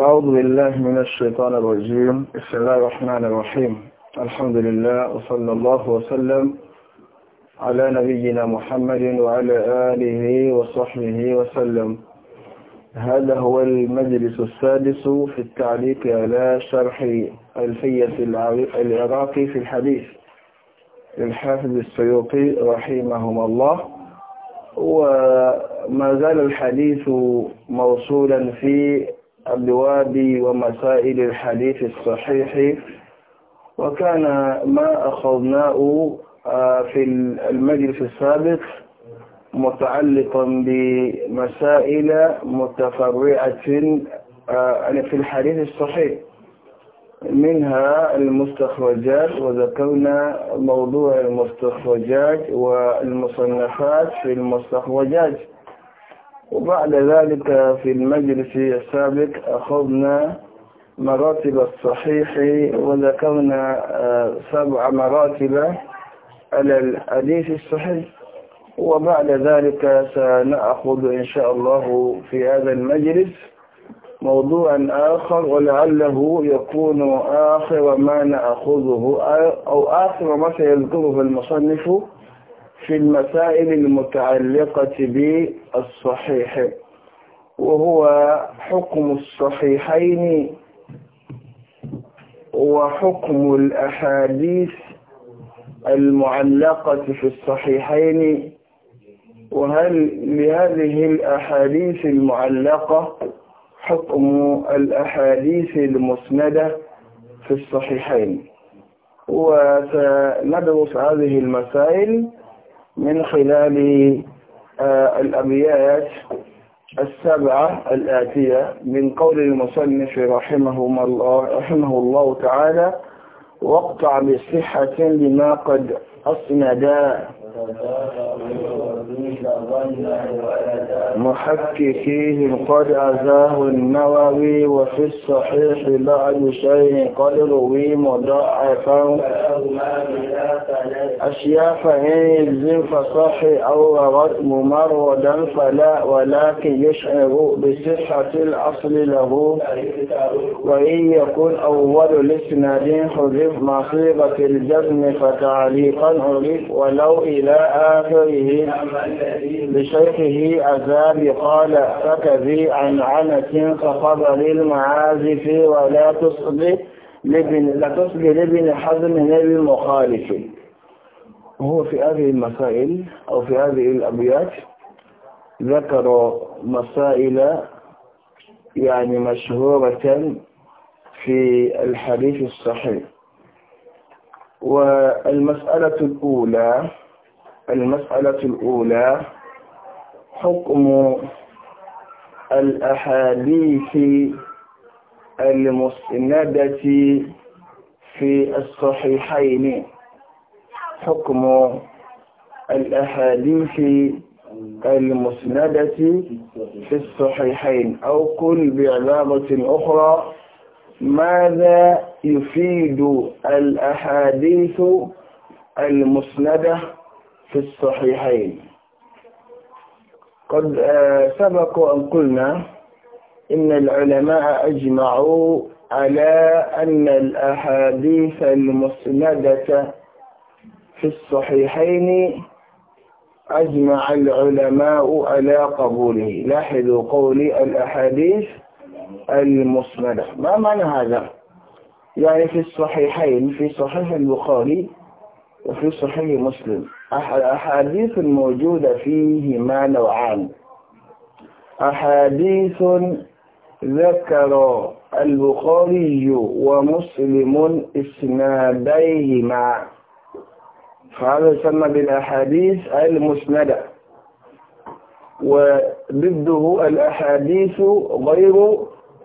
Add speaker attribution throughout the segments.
Speaker 1: أعوذ بالله من الشيطان الرجيم بسم الله الرحمن الرحيم الحمد لله وصلى الله وسلم على نبينا محمد وعلى آله وصحبه وسلم هذا هو المجلس السادس في التعليق على شرح ألفية العراقي في الحديث للحافظ السيوطي رحمهما الله وما زال الحديث موصولا في أبواب ومسائل الحديث الصحيح وكان ما أخذناه آه، في المجلس السابق متعلقا بمسائل متفرعة آه، يعني في الحديث الصحيح منها المستخرجات وذكرنا موضوع المستخرجات والمصنفات في المستخرجات وبعد ذلك في المجلس السابق أخذنا مراتب الصحيح وذكرنا آه، سبع مراتب على الحديث الصحيح وبعد ذلك سنأخذ إن شاء الله في هذا المجلس موضوعا آخر ولعله يكون آخر ما نأخذه آه، أو آخر ما سيذكره المصنف في المسائل المتعلقة بالصحيح وهو حكم الصحيحين وحكم الأحاديث المعلقة في الصحيحين وهل لهذه الأحاديث المعلقة حكم الأحاديث المسندة في الصحيحين وسندرس هذه المسائل من خلال آه، الأبيات السبعة الآتية من قول المصنف رحمه الله, رحمه الله تعالى واقطع بصحة لما قد أسند محققيه قد أذاه النووي وفي الصحيح بعد شيء قد روي مضاعفا أشياء فإن يلزم فصح أو ورد ممردا فلا ولكن يشعر بصحة الأصل له وإن يكون أول لسند حذف مصيبة الجزم فتعليقا حذف ولو إلى آخره لشيخه عذاب قال فكذي عن عنة فخبر المعازف ولا تصلي لابن لا تصلي لابن حزم نبي مخالف هو في هذه المسائل أو في هذه الأبيات ذكر مسائل يعني مشهورة في الحديث الصحيح والمسألة الأولى المسألة الأولى حكم الأحاديث المسندة في الصحيحين حكم الأحاديث المسندة في الصحيحين أو قل بعبارة أخرى ماذا يفيد الأحاديث المسندة في الصحيحين قد آه، سبق أن قلنا إن العلماء أجمعوا على أن الأحاديث المسندة في الصحيحين أجمع العلماء على قبوله لاحظوا قولي الأحاديث المسندة ما معنى هذا؟ يعني في الصحيحين في صحيح البخاري وفي صحيح مسلم أحاديث موجودة فيهما نوعان أحاديث ذكر البخاري ومسلم إسناديهما فهذا يسمى بالأحاديث المسندة وضده الأحاديث غير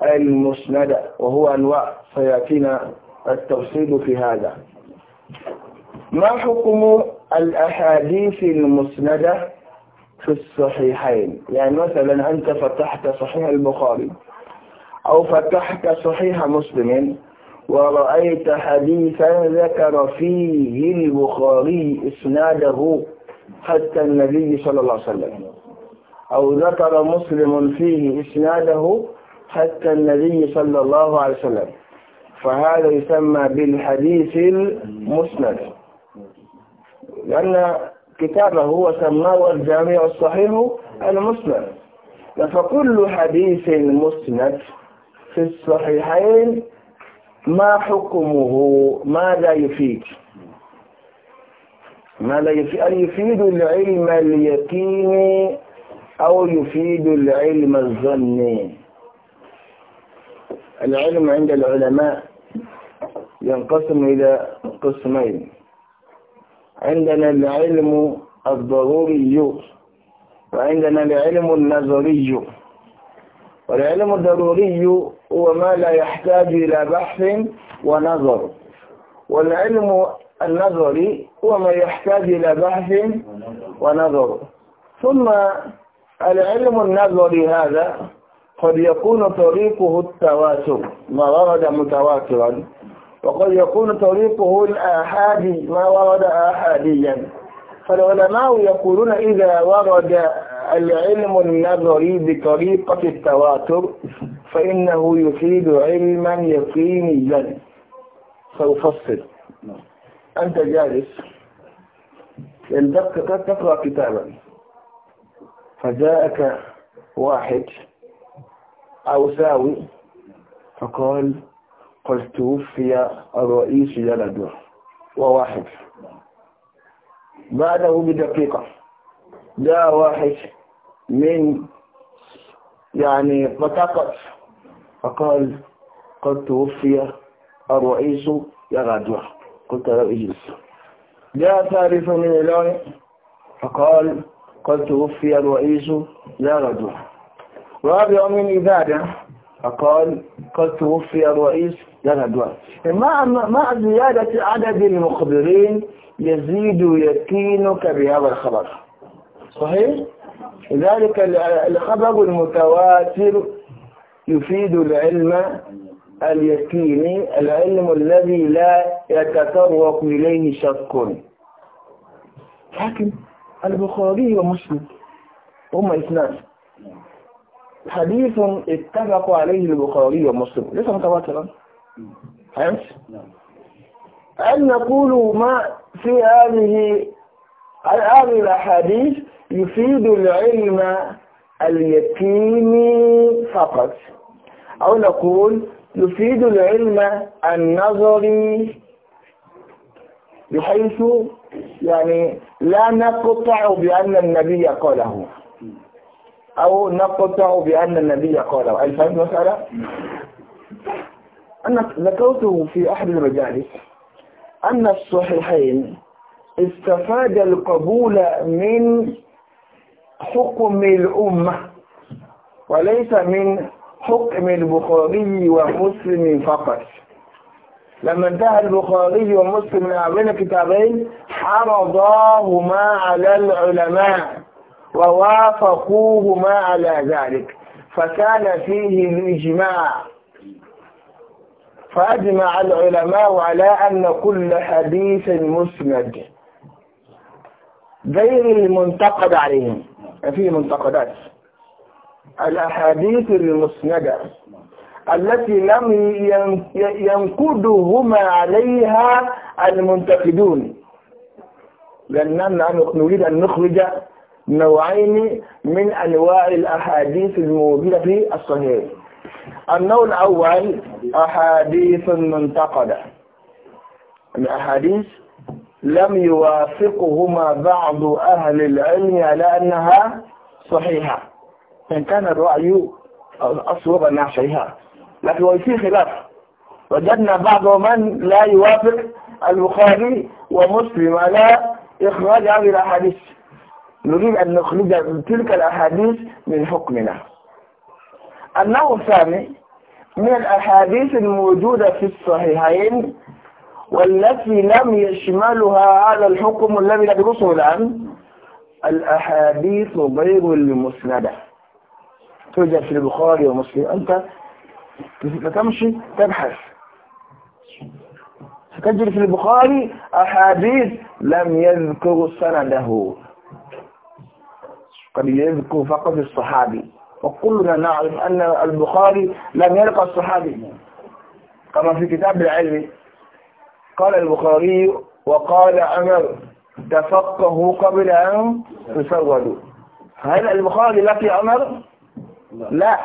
Speaker 1: المسندة وهو أنواع سيأتينا التفصيل في هذا ما حكم الأحاديث المسندة في الصحيحين يعني مثلا أنت فتحت صحيح البخاري أو فتحت صحيح مسلم ورأيت حديثا ذكر فيه البخاري إسناده حتى النبي صلى الله عليه وسلم أو ذكر مسلم فيه إسناده حتى النبي صلى الله عليه وسلم فهذا يسمى بالحديث المسند لأن كتابه هو سماه الجامع الصحيح المسند فكل حديث مسند في الصحيحين ما حكمه ماذا يفيد ماذا يفيد أن يفيد العلم اليقيني أو يفيد العلم الظني العلم عند العلماء ينقسم إلى قسمين عندنا العلم الضروري وعندنا العلم النظري والعلم الضروري هو ما لا يحتاج إلى بحث ونظر والعلم النظري هو ما يحتاج إلى بحث ونظر ثم العلم النظري هذا قد يكون طريقه التواتر ما ورد متواترا وقد يكون طريقه الآحادي ما ورد آحاديا فالعلماء يقولون إذا ورد العلم النظري بطريقة التواتر فإنه يفيد علما يقينيا سأفصل أنت جالس الدقة تقرأ كتابا فجاءك واحد أو ساوي فقال قد توفي الرئيس جلده وواحد بعده بدقيقة جاء واحد من يعني بطاقة فقال قد توفي الرئيس يغادر قلت له اجلس جاء ثالث من العلم فقال قد توفي الرئيس يغادر رابع من إبادة فقال قد توفي الرئيس لنا دلوقتي مع مع زيادة عدد المخبرين يزيد يقينك بهذا الخبر صحيح؟ لذلك الخبر المتواتر يفيد العلم اليقيني العلم الذي لا يتطرق إليه شك لكن البخاري ومسلم هما اثنان حديث اتفق عليه البخاري ومسلم ليس متواترا فهمت؟ أن نقول ما في هذه هذه الأحاديث يفيد العلم اليقيني فقط أو نقول يفيد العلم النظري بحيث يعني لا نقطع بأن النبي قاله أو نقطع بأن النبي قال هل فهمت المسألة؟ أنا ذكرته في أحد المجالس أن الصحيحين استفاد القبول من حكم الأمة وليس من حكم البخاري ومسلم فقط لما انتهى البخاري ومسلم من أعمال كتابين حرضاهما على العلماء ووافقوهما على ذلك فكان فيه الإجماع فأجمع العلماء على أن كل حديث مسند غير المنتقد عليهم في منتقدات الأحاديث المسندة التي لم ينقدهما عليها المنتقدون لأننا نريد أن نخرج نوعين من أنواع الأحاديث الموجودة في الصحيح النوع الأول أحاديث منتقدة الأحاديث لم يوافقهما بعض أهل العلم على أنها صحيحة إن كان الرأي أصوب أنها صحيحة لكن في خلاف وجدنا بعض من لا يوافق البخاري ومسلم على إخراج هذه الأحاديث نريد أن نخرج تلك الأحاديث من حكمنا النوع الثاني من الأحاديث الموجودة في الصحيحين والتي لم يشملها هذا الحكم الذي ندرسه الآن الأحاديث غير المسندة توجد في البخاري ومسلم أنت تمشي تبحث ستجد في البخاري أحاديث لم يذكر سنده قد يذكر فقط الصحابي وكلنا نعرف أن البخاري لم يلقى الصحابي كما في كتاب العلم قال البخاري وقال عمر تفقهوا قبل أن تسودوا هل البخاري لقي عمر؟ لا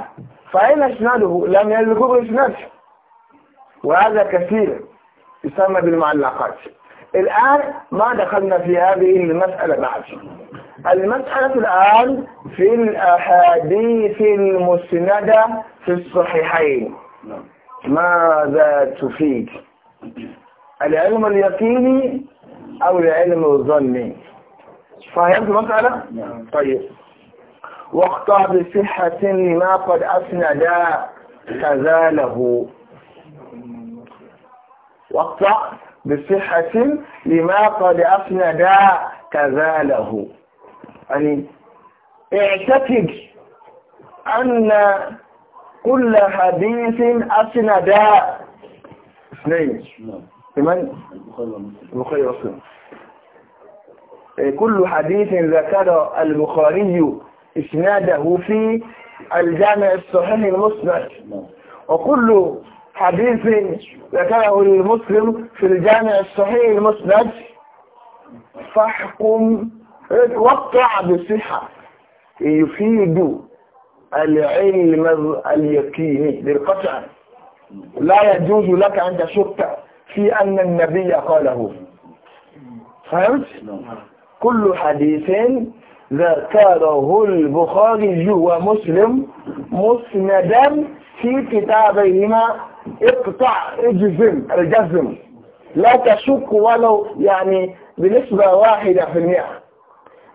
Speaker 1: فأين إسناده؟ لم يذكر إسناده وهذا كثير يسمى بالمعلقات الآن ما دخلنا في هذه المسألة بعد المسألة الآن في الأحاديث المسندة في الصحيحين ماذا تفيد العلم اليقيني أو العلم الظني فهمت المسألة؟ طيب واقطع بصحة ما قد أسند كذا له واقطع بصحة لما قد أسند كذا له يعني اعتقد أن كل حديث أسند اثنين لمن؟ البخاري ومسلم إيه، كل حديث ذكر البخاري إسناده في الجامع الصحيح المسند وكل حديث ذكره المسلم في الجامع الصحيح المسند فاحكم وقع بصحة يفيد العلم اليقيني بالقطع لا يجوز لك أن تشك في أن النبي قاله فهمت؟ كل حديث ذكره البخاري ومسلم مسندا في كتابيهما اقطع اجزم الجزم لا تشك ولو يعني بنسبة واحدة في المئة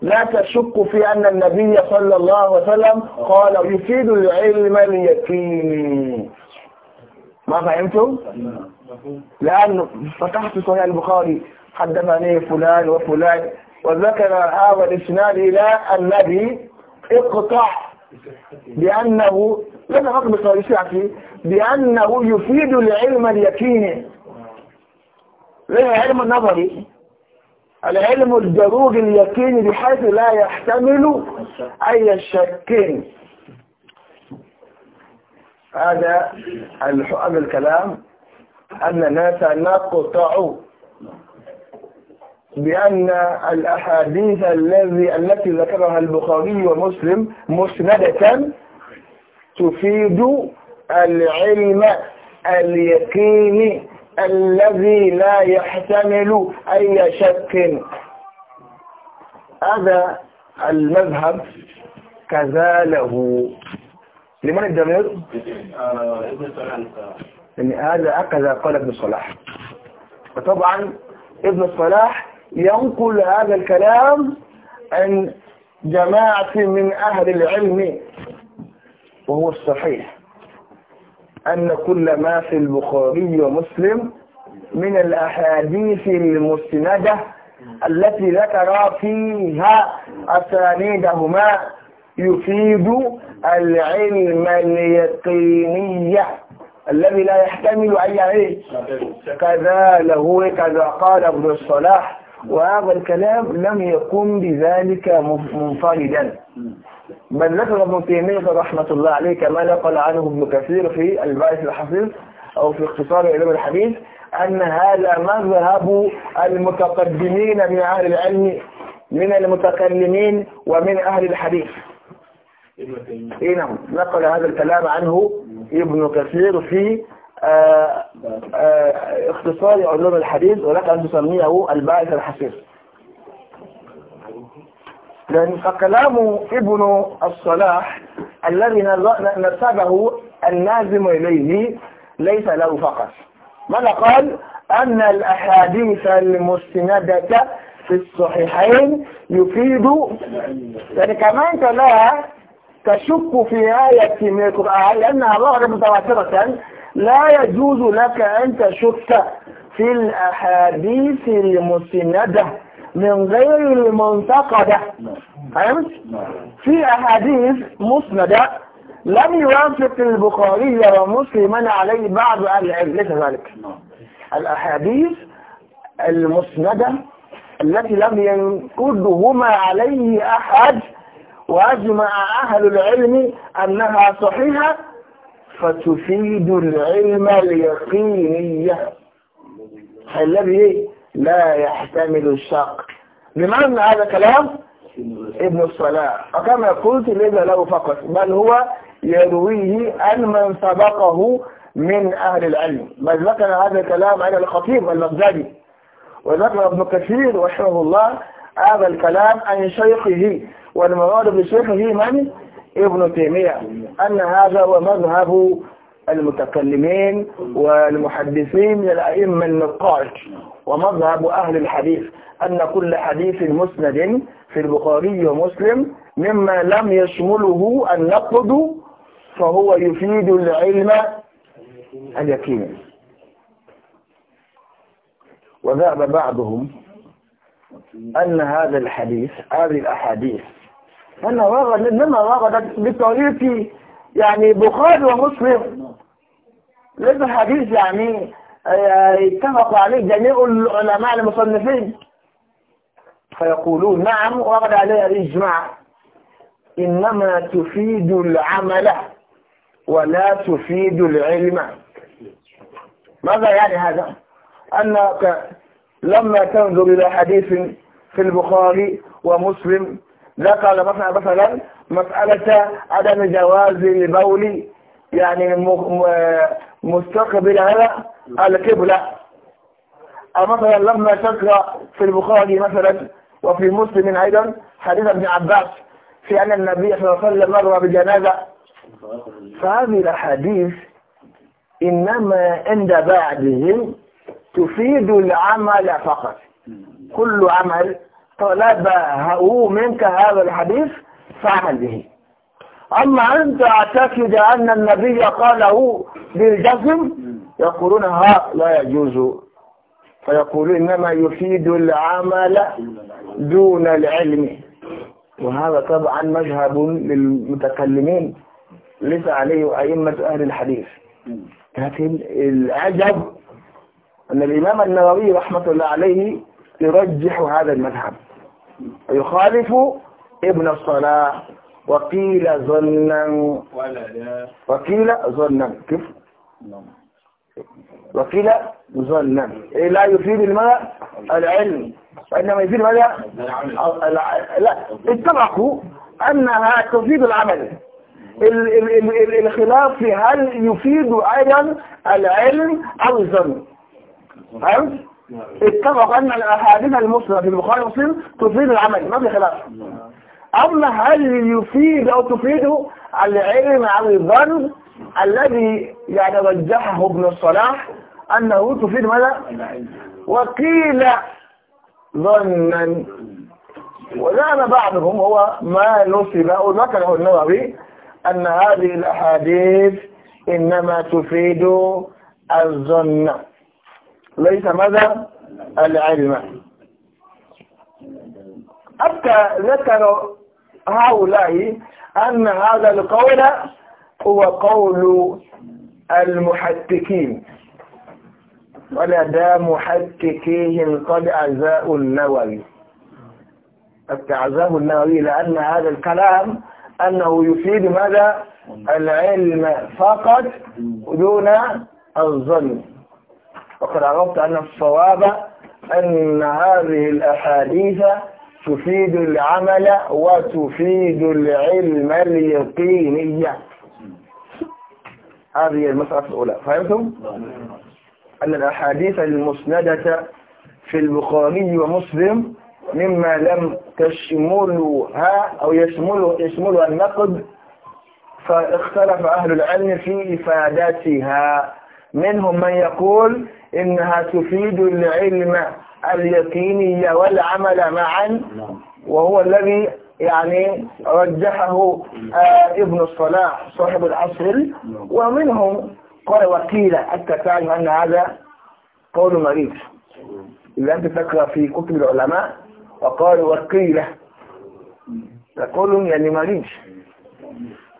Speaker 1: لا تشك في أن النبي صلى الله عليه وسلم قال يفيد العلم اليقين ما فهمتم؟ لأن فتحت صحيح البخاري حدثني فلان وفلان وذكر هذا الإسناد إلى النبي اقطع بأنه لم أقم بصريحتي بأنه يفيد العلم اليقيني ليه علم النظري العلم الجروج اليقين بحيث لا يحتمل أي شك هذا الحؤم الكلام أننا سنقطع بأن الأحاديث الذي التي ذكرها البخاري ومسلم مسندة تفيد العلم اليقيني الذي لا يحتمل أي شك هذا المذهب كذاله لمن الدمير؟ يعني هذا هكذا قال ابن صلاح وطبعا ابن صلاح ينقل هذا الكلام عن جماعة من أهل العلم وهو الصحيح أن كل ما في البخاري ومسلم من الأحاديث المسندة التي ذكر فيها أسانيدهما يفيد العلم اليقيني الذي لا يحتمل أي كذا له كذا قال ابن الصلاح وهذا الكلام لم يكن بذلك منفردا بل نقل ابن تيمية رحمة الله عليه كما نقل عنه ابن كثير في البعث الحفيظ أو في اختصار علم الحديث أن هذا مذهب المتقدمين من أهل العلم من المتكلمين ومن أهل الحديث إيه نعم نقل هذا الكلام عنه ابن كثير في آه، آه، اختصار علوم الحديث ولك أن تسميه الباعث الحفيظ لأن فكلام ابن الصلاح الذي نسبه النازم إليه ليس له فقط ماذا قال أن الأحاديث المستندة في الصحيحين يفيد يعني كمان لا تشك في آية من القرآن لأنها ظهرت متواترة لا يجوز لك أن تشك في الأحاديث المستندة من غير المنتقدة فهمت؟ في أحاديث مسندة لم يوافق البخاري ومسلم عليه بعض أهل العلم ليس ذلك الأحاديث المسندة التي لم ينقدهما عليه أحد وأجمع أهل العلم أنها صحيحة فتفيد العلم اليقينية الذي لا يحتمل الشق لمن هذا كلام ابن الصلاح وكما قلت ليس له فقط بل هو يرويه عن من سبقه من أهل العلم بل ذكر هذا الكلام عن الخطيب البغدادي وذكر ابن كثير رحمه الله هذا الكلام عن شيخه والمراد بشيخه من ابن تيمية أن هذا هو مذهب المتكلمين والمحدثين من الأئمة النقاد ومذهب أهل الحديث أن كل حديث مسند في البخاري ومسلم مما لم يشمله النقد فهو يفيد العلم اليقين وذهب بعضهم أن هذا الحديث هذه الأحاديث أنها وردت بطريقة يعني بخاري ومسلم لأنه حديث يعني يتفق آه، عليه جميع العلماء المصنفين فيقولون نعم ورد عليها الإجماع إنما تفيد العمل ولا تفيد العلم ماذا يعني هذا أنك لما تنظر إلى حديث في البخاري ومسلم ذكر مثلا مثلا مسألة عدم جواز البول يعني آه، مستقبل على الكبلة مثلا لما تقرأ في البخاري مثلا وفي مسلم أيضا حديث ابن عباس في أن النبي صلى الله عليه وسلم مر بجنازة فهذه الأحاديث إنما عند بعضهم تفيد العمل فقط كل عمل طلبه منك هذا الحديث فعمل به أما أن تعتقد أن النبي قاله بالجزم يقولون ها لا يجوز فيقولون إنما يفيد العمل دون العلم وهذا طبعا مذهب للمتكلمين ليس عليه أئمة أهل الحديث لكن العجب أن الإمام النووي رحمة الله عليه يرجح هذا المذهب ويخالف ابن الصلاة وقيل ظنا وقيل ظنا كيف وقيل ظنا إيه، لا يفيد الماء العلم وإنما يفيد ماذا لا اتفقوا أنها تفيد العمل الخلاف في هل يفيد أيضا العلم أو الظن نعم. اتفق أن الأحاديث المسلمة في البخاري ومسلم تفيد العمل ما في خلاف نعم. أما هل يفيد أو تفيده العلم عن الظن الذي يعني رجحه ابن الصلاح أنه تفيد ماذا وقيل ظنا وزعم بعضهم هو ما نصب أو ذكره النووي أن هذه الأحاديث إنما تفيد الظن ليس ماذا العلم حتى ذكر هؤلاء أن هذا القول هو قول المحتكين ولدى محتكيهم قد أزاء النووي التعزاه النووي لأن هذا الكلام أنه يفيد ماذا العلم فقط دون الظن وقد عرفت أن الصواب أن هذه الأحاديث تفيد العمل وتفيد العلم اليقينية هذه المسألة الأولى فهمتم؟ أن الأحاديث المسندة في البخاري ومسلم مما لم تشملها أو يشمل يشملها النقد فاختلف أهل العلم في إفادتها منهم من يقول إنها تفيد العلم اليقيني والعمل معا نعم. وهو الذي يعني رجحه آه ابن الصلاح صاحب العصر نعم. ومنهم قال وقيل التفاعل أن هذا قول مريض إذا أنت تقرأ في كتب العلماء وقال وقيل قول يعني مريض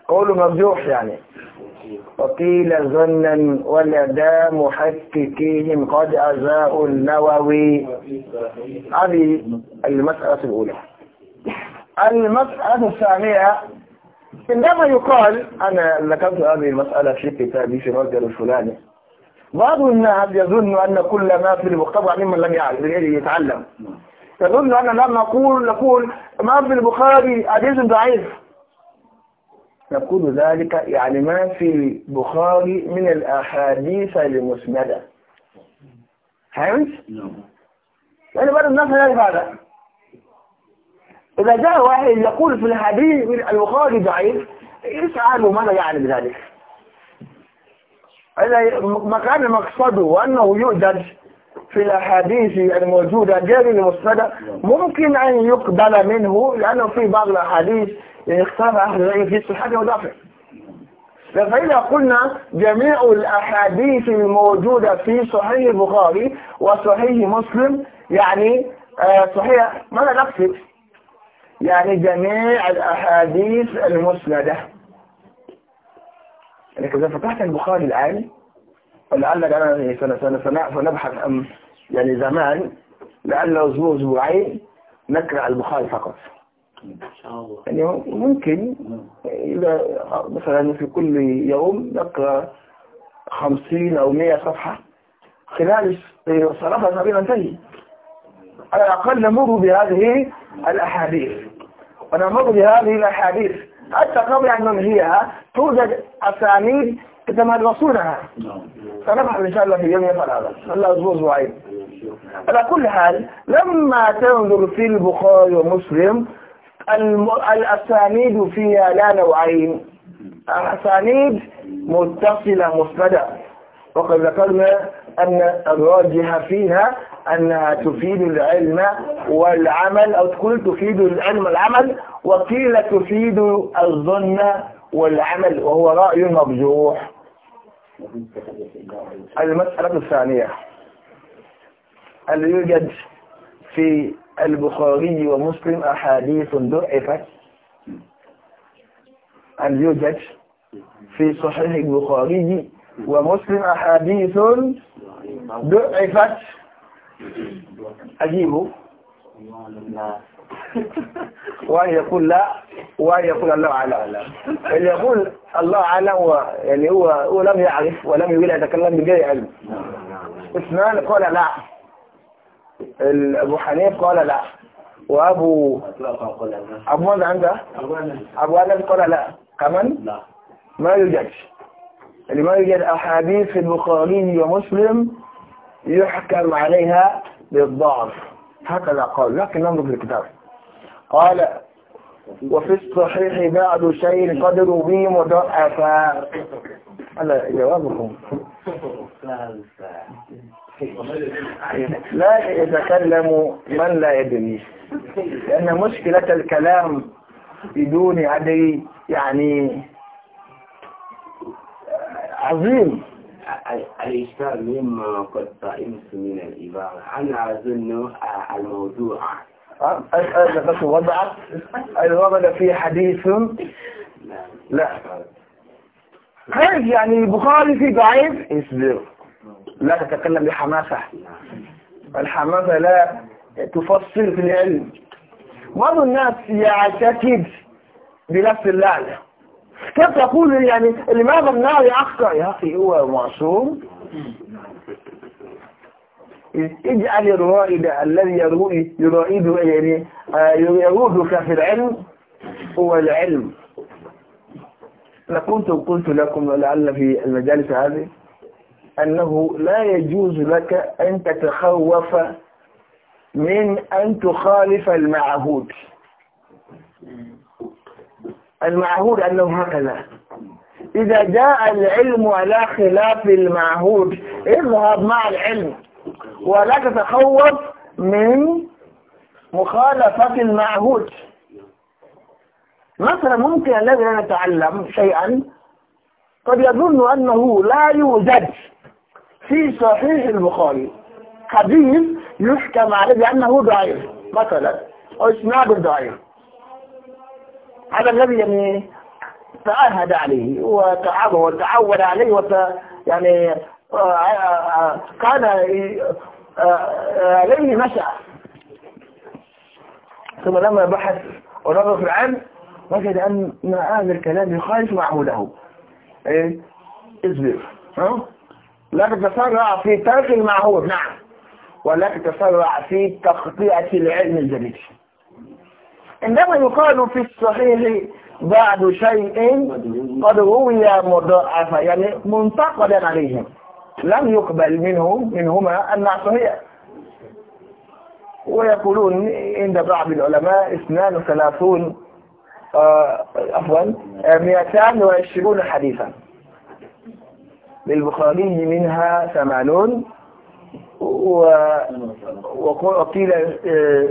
Speaker 1: قول مرجوح يعني وقيل ظنا ولدى محققيهم قد أزاء النووي هذه المسألة الأولى المسألة الثانية عندما يقال أنا ذكرت هذه المسألة في كتابي في الرجل الفلاني بعض الناس يظن أن كل ما في المختبر ممن لم يعلم يتعلم يظن أن نقول نقول ما في البخاري حديث ضعيف نقول ذلك يعني ما في البخاري من الأحاديث المسندة فهمت؟ نعم يعني بعض الناس لا يفعل هذا إذا جاء واحد يقول في الحديث من البخاري ضعيف اسأله ماذا يعني بذلك إذا ما كان مقصده أنه يؤجج في الأحاديث الموجودة غير المسندة نعم. ممكن أن يقبل منه لأنه في بعض الأحاديث يعني اختار أهل العلم في الصحابة وضعفه فإذا قلنا جميع الأحاديث الموجودة في صحيح البخاري وصحيح مسلم يعني آه، صحيح ماذا نقصد؟ يعني جميع الأحاديث المسندة لكن يعني إذا فتحت البخاري الآن ولعلك أنا يعني سنبحث يعني زمان لعل أسبوع أسبوعين نقرأ البخاري فقط يعني ممكن إذا مثلا في كل يوم نقرأ خمسين أو مئة صفحة خلال الصلاة تقريبا ننتهي على الأقل نمر بهذه الأحاديث ونمر بهذه الأحاديث حتى قبل أن ننهيها توجد أسانيد يتمرسونها نعم. سنفعل إن شاء الله في يوم يفعل هذا الله أسبوع أسبوعين على كل حال لما تنظر في البخاري ومسلم الأسانيد فيها لا نوعين الأسانيد متصلة مفردة وقد ذكرنا أن الراجح فيها أنها تفيد العلم والعمل أو تقول تفيد العلم والعمل وقيل تفيد الظن والعمل وهو رأي مرجوح المسألة الثانية اللي يوجد في البخاري ومسلم أحاديث ضعفت أن يوجد في صحيح البخاري ومسلم أحاديث
Speaker 2: ضعفت
Speaker 1: أجيبه وأن يقول لا وأن يقول الله أعلم اللي يقول الله أعلم يعني هو, هو لم يعرف ولم يريد أن يتكلم بغير علم اثنان قال لا ابو حنيف قال لا وابو ابو ماذا عنده ابو انس قال لا كمان لا ما يوجدش ما يوجد احاديث في البخاري ومسلم يحكم عليها بالضعف هكذا قال لكن ننظر في الكتاب قال وفي الصحيح بعد شيء قدروا به مضاعفا هذا جوابكم لا يتكلم من لا يدري لأن مشكلة الكلام بدون عدي يعني عظيم الإشكال مما قد فهمت من الإبارة أنا أظن الموضوع أسأل وضعت الوضع في حديث نعم. لا هل يعني البخاري في ضعيف اصبر لا تتكلم بحماسة الحماسة لا تفصل في العلم بعض الناس يعتقد بنفس اللعنة كيف تقول يعني لماذا النار أخطأ يا أخي هو معصوم اجعل الرائد الذي يرائد يعني آه، يرودك في العلم هو العلم لكنت قلت لكم لعل في المجالس هذه أنه لا يجوز لك أن تتخوف من أن تخالف المعهود المعهود أنه هكذا إذا جاء العلم على خلاف المعهود اذهب مع العلم ولا تتخوف من مخالفة المعهود مثلا ممكن الذي نتعلم شيئا قد يظن أنه لا يوجد في صحيح البخاري حديث يحكم عليه بأنه ضعيف مثلا أو إسناد ضعيف هذا الذي يعني تعاهد عليه وتعب وتعود عليه وت يعني آه، آه، آه، كان عليه نشأ ثم لما بحث ونظر في العلم وجد أن هذا الكلام يخالف معه له ايه اصبر ها لا تتسرع في ترك المعهود نعم ولا تتسرع في تخطيئة العلم الجديد عندما يقال في الصحيح بعد شيء قد روي مضاعفا يعني منتقدا عليهم لم يقبل منه منهما أن صحيح ويقولون عند بعض العلماء 32 آه، عفوا 220 حديثا للبخاري منها ثمانون وقيل آه،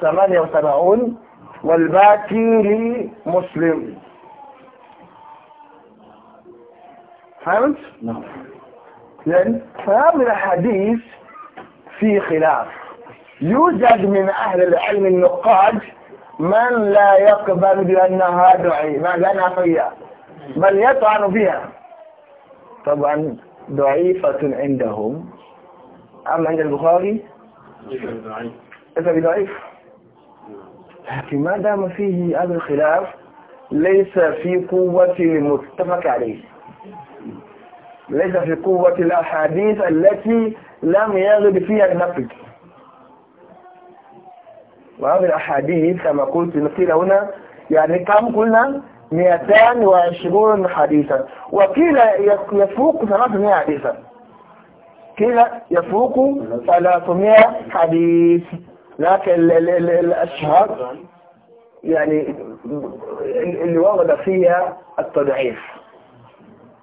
Speaker 1: ثمانية وسبعون والباقي لمسلم فهمت؟ نعم لأن فهذا الحديث في خلاف يوجد من أهل العلم النقاد من لا يقبل بأنها دعي ما لنا فيها بل يطعن فيها طبعا ضعيفة عندهم أما عند البخاري إذا بضعيف لكن ما دام فيه هذا الخلاف ليس في قوة المتفق عليه ليس في قوة الأحاديث التي لم يغب فيها النقد وهذه الأحاديث كما قلت نقيل هنا يعني كم قلنا وعشرون حديثا وكلا يفوق 300 حديثا كلا يفوق 300 حديث لكن الأشهر يعني اللي ورد فيها التضعيف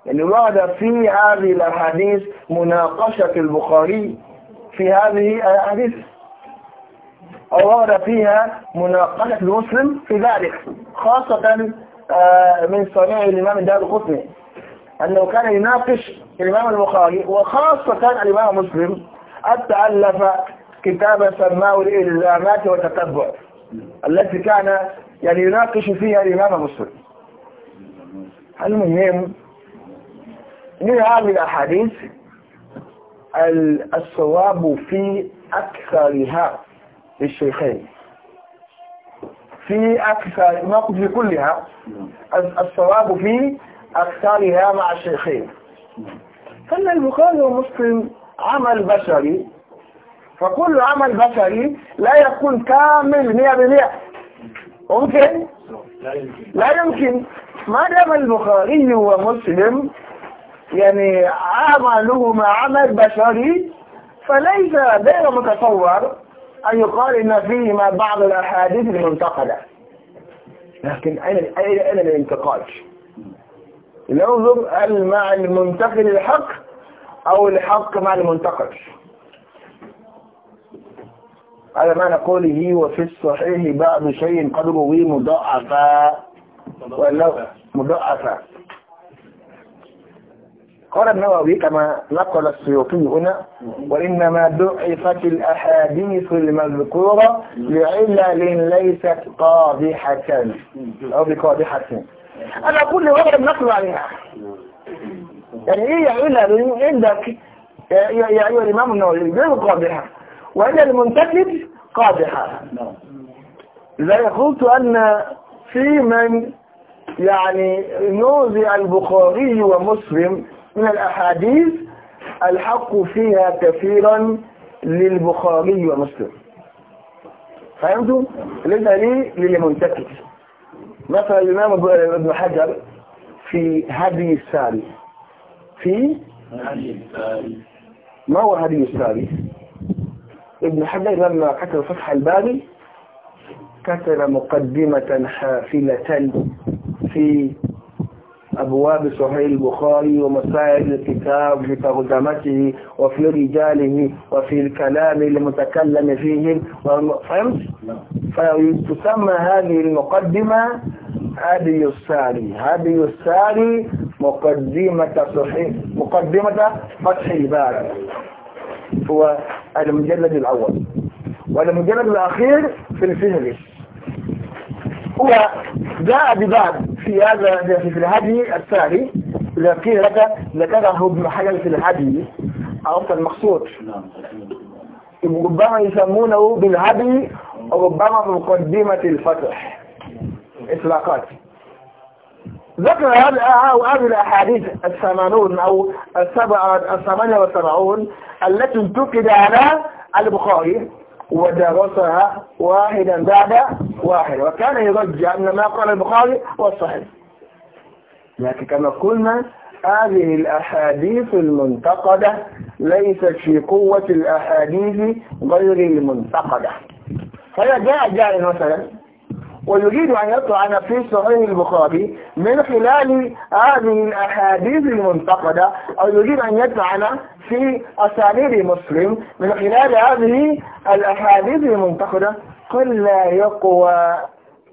Speaker 1: اللي ورد في هذه الأحاديث مناقشة البخاري في هذه الأحاديث أو ورد فيها مناقشة المسلم في ذلك خاصة آه، من صنيع الإمام الدار القطني أنه كان يناقش الإمام البخاري وخاصة الإمام مسلم قد تألف كتابا سماه الإلزامات والتتبع التي كان يعني يناقش فيها الإمام مسلم المهم من هذه الأحاديث الصواب في أكثرها للشيخين في أكثر النقد في كلها الصواب في أكثرها مع الشيخين فإن البخاري ومسلم عمل بشري فكل عمل بشري لا يكون كامل 100% ممكن؟ لا يمكن ما دام البخاري ومسلم يعني عملهما عمل بشري فليس غير متصور أن يقال إن فيهما بعض الأحاديث المنتقدة لكن أين أين أين الانتقاد؟ ننظر هل مع المنتقد الحق أو الحق مع المنتقد على معنى قوله وفي الصحيح بعض شيء قد روي مضاعفا مضاعفا قال النووي كما نقل السيوطي هنا وإنما ضعفت الأحاديث المذكورة لعلل ليست قادحة أو بقادحة أنا أقول لغرب نقل عليها يعني إيه علل عندك يا أيها الإمام النووي غير قادحة وإلا المنتقد قادحة زي قلت أن في من يعني نوزع البخاري ومسلم من الأحاديث الحق فيها كثيرا للبخاري ومسلم فهمتم؟ ليس لي للمنتكس مثلا الإمام ابن حجر في هدي الساري في هدي ما هو هدي الساري؟ ابن حجر لما كتب فتح الباري كتب مقدمة حافلة في أبواب صحيح البخاري ومسائل الكتاب في ترجمته وفي رجاله وفي الكلام المتكلم فيهم فهمت؟ فتسمى هذه المقدمة هذه الساري هذه الساري مقدمة صحيح مقدمة فتح الباب هو المجلد الأول والمجلد الأخير في الفهرس هو جاء ببعض في هذا في الهدي الثاني إذا قيل لك ذكره ابن حجر في الهدي عرفت المقصود نعم، ربما يسمونه بالهدي وربما مقدمة الفتح إطلاقات ذكر هذه الأحاديث الثمانون أو السبعة الثمانية والسبعون التي انتقد على البخاري ودرسها واحدا بعد واحد وكان يرجع أن ما قال البخاري هو الصحيح لكن كما قلنا هذه الأحاديث المنتقدة ليست في قوة الأحاديث غير المنتقدة فهي جاء جاء مثلا ويريد أن يطلع في صحيح البخاري من خلال هذه الأحاديث المنتقدة أو يريد أن يطلع في أساليب مسلم من خلال هذه الأحاديث المنتقدة قل لا يقوى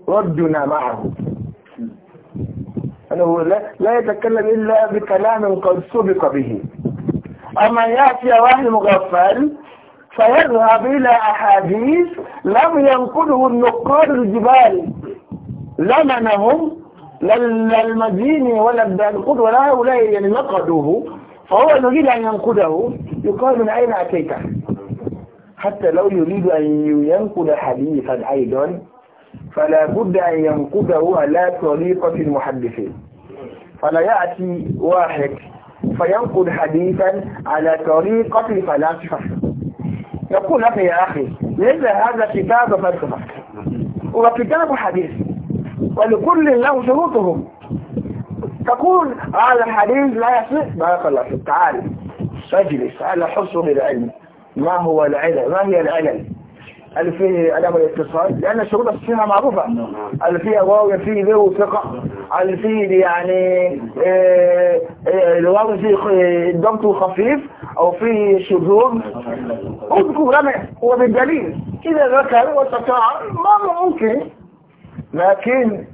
Speaker 1: ردنا معه أنه لا يتكلم إلا بكلام قد سبق به أما يأتي واحد مغفل فيذهب إلى أحاديث لم ينقله النقاد الجبال لمنهم لا المديني ولا الدالقود ولا هؤلاء يعني نقدوه فهو يريد أن ينقده يقال من أين أتيت حتى لو يريد أن ينقذ حديثا أيضا فلا بد أن ينقده على طريقة المحدثين فلا يأتي واحد فينقل حديثا على طريقة الفلاسفة يقول لك يا أخي ليس هذا كتاب فلسفة هو كتاب حديث ولكل له شروطهم تقول هذا الحديث لا يصح ما خلاص تعال اجلس على حصن العلم ما هو العلل ما هي العلل هل فيه عدم الاتصال لأن شروط الصحة معروفة نعم. هل فيه واو فيه ذي وثقة هل فيه يعني آه، آه، الواو فيه ضبط خفيف أو فيه شذوذ اذكر رمع وبالدليل إذا ذكر واستطاع ما ممكن لكن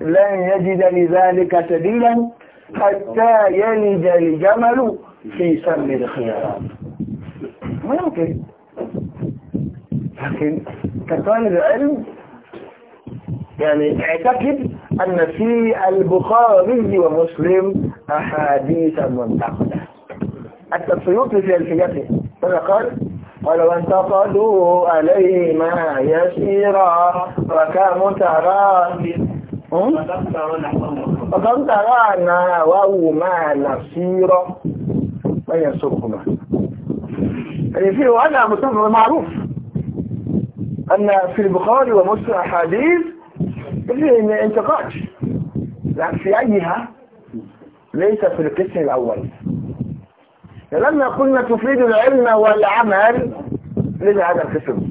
Speaker 1: لن يجد لذلك سبيلا حتى يلد الجمل في سم الخيار ما يمكن لكن كطالب علم يعني اعتقد أن في البخاري ومسلم أحاديث منتقدة حتى السيوطي في الفجاه ماذا قال؟ قال وانتقدوا عليه ما يسيرا متراكبا Hmm? ọ̀kan tàrà àna àwáwò máa nà sí rọ́ lẹ́yìn sókùnmà èyí أن في البخاري ومسلم أحاديث فيه انتقاد لكن في أيها ليس في القسم الأول لما قلنا تفيد العلم والعمل لنا هذا القسم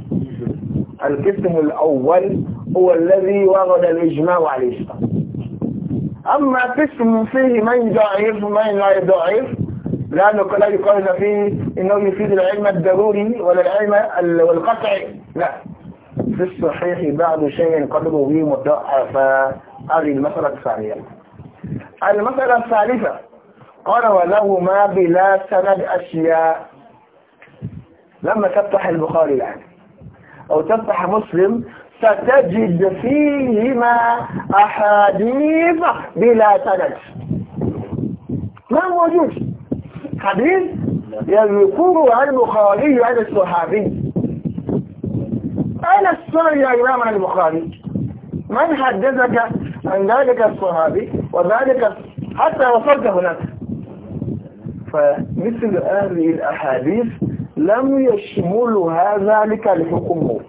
Speaker 1: القسم الأول هو الذي ورد الإجماع عليه أما قسم فيه من ضعيف من لا يضعف لأنه لا يقال فيه إنه يفيد العلم الضروري ولا العلم القطعي لا في الصحيح بعض شيء قدره به مضاعف هذه المسألة الثانية المسألة الثالثة قال ولهما بلا سند أشياء لما تفتح البخاري الآن أو تفتح مسلم ستجد فيهما أحاديث بلا سند ما موجود حديث يذكره البخاري عن الصحابي أنا السنة يا إمام البخاري من حدثك عن ذلك الصحابي وذلك حتى وصلت هناك فمثل هذه الأحاديث لم يشملها ذلك الحكم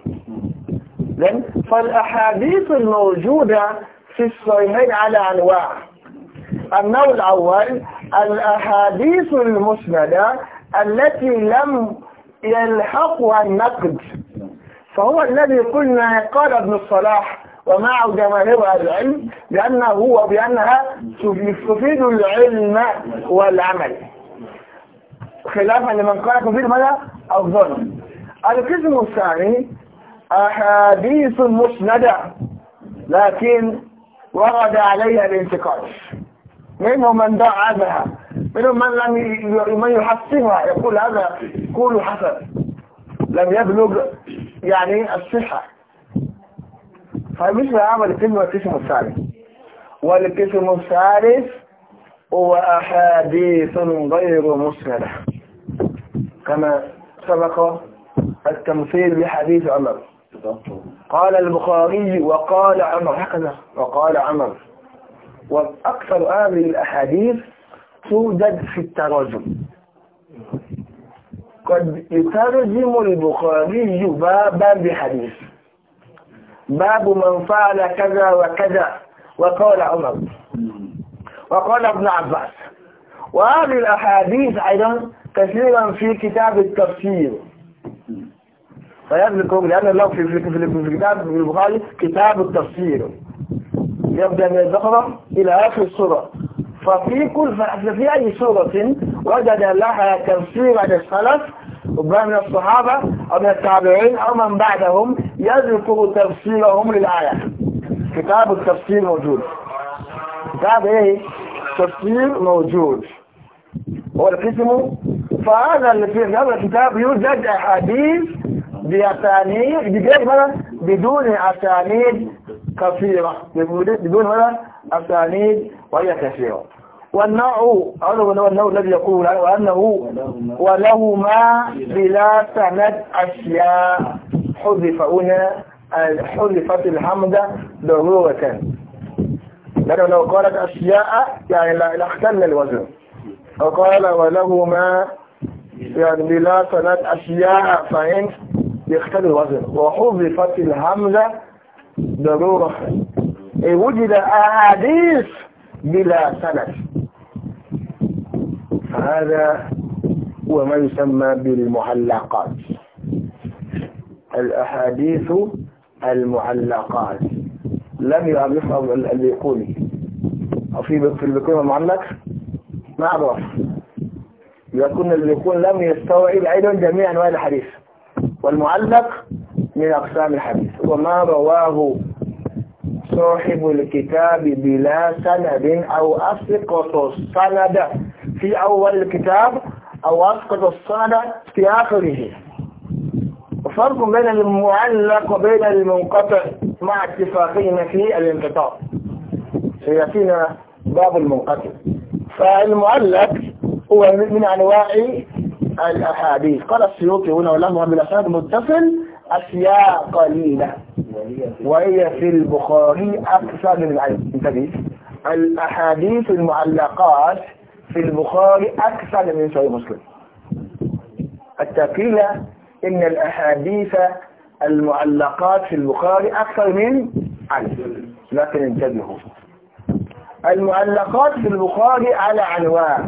Speaker 1: لأن فالأحاديث الموجودة في الصحيحين على أنواع النوع الأول الأحاديث المسندة التي لم يلحقها النقد فهو الذي قلنا قال ابن الصلاح ومع جماهير العلم بأنه وبأنها تفيد العلم والعمل خلافا لمن قال كثير ماذا الظلم القسم الثاني أحاديث مسندة لكن ورد عليها الانتقاد منهم من ضعفها منهم من لم من يحسنها يقول هذا كله حسن لم يبلغ يعني الصحة فمثل هذا القسم والقسم الثالث والقسم الثالث هو أحاديث غير مسندة كما سبق التمثيل لحديث عمر قال البخاري وقال عمر هكذا وقال عمر وأكثر هذه الأحاديث توجد في التراجم قد يترجم البخاري بابا بحديث باب من فعل كذا وكذا وقال عمر وقال ابن عباس وهذه الأحاديث أيضا كثيرا في كتاب التفسير فيذكر لأن الله في, في, في, في كتاب البخاري كتاب التفسير يبدأ من الزخرة إلى آخر السورة ففي كل في أي سورة وجد لها تفسير عن السلف من الصحابة أو من التابعين أو من بعدهم يذكر تفسيرهم للآية كتاب التفسير موجود كتاب إيه؟ تفسير موجود هو القسم فهذا في هذا الكتاب يوجد أحاديث بأسانيد بغير ماذا بدون أسانيد كثيرة بدون ماذا أسانيد وهي كثيرة والنوع هذا هو النوع الذي يقول وأنه ولهما بلا سند أشياء حذف هنا حذفت الحمد ضرورة لأنه لو قالت أشياء يعني لا اختل الوزن وقال ولهما يعني بلا ثلاث أشياء فإن يختل الوزن وحذفت الهمزة ضرورة إيه، وجد أحاديث بلا سند فهذا هو ما يسمى بالمعلقات الأحاديث المعلقات لم يعرفها البيقوني أو في البيقوني المعلق معبر نعم. يكون يكون لم يستوعب أيضا جميع أنواع الحديث والمعلق من أقسام الحديث وما رواه صاحب الكتاب بلا سند أو أسقط السند في أول الكتاب أو أسقط السند في آخره وفرق بين المعلق وبين المنقطع مع اتفاقين في الانقطاع سيأتينا باب المنقطع فالمؤلف هو من أنواع الأحاديث قال السيوطي هنا ولم وله الأسناد متصل أشياء قليلة وهي في البخاري أكثر من العلم انتبه الأحاديث المعلقات في البخاري أكثر من صحيح مسلم التقيلة إن الأحاديث المعلقات في البخاري أكثر من علم لكن انتبهوا المعلقات في البخاري على أنواع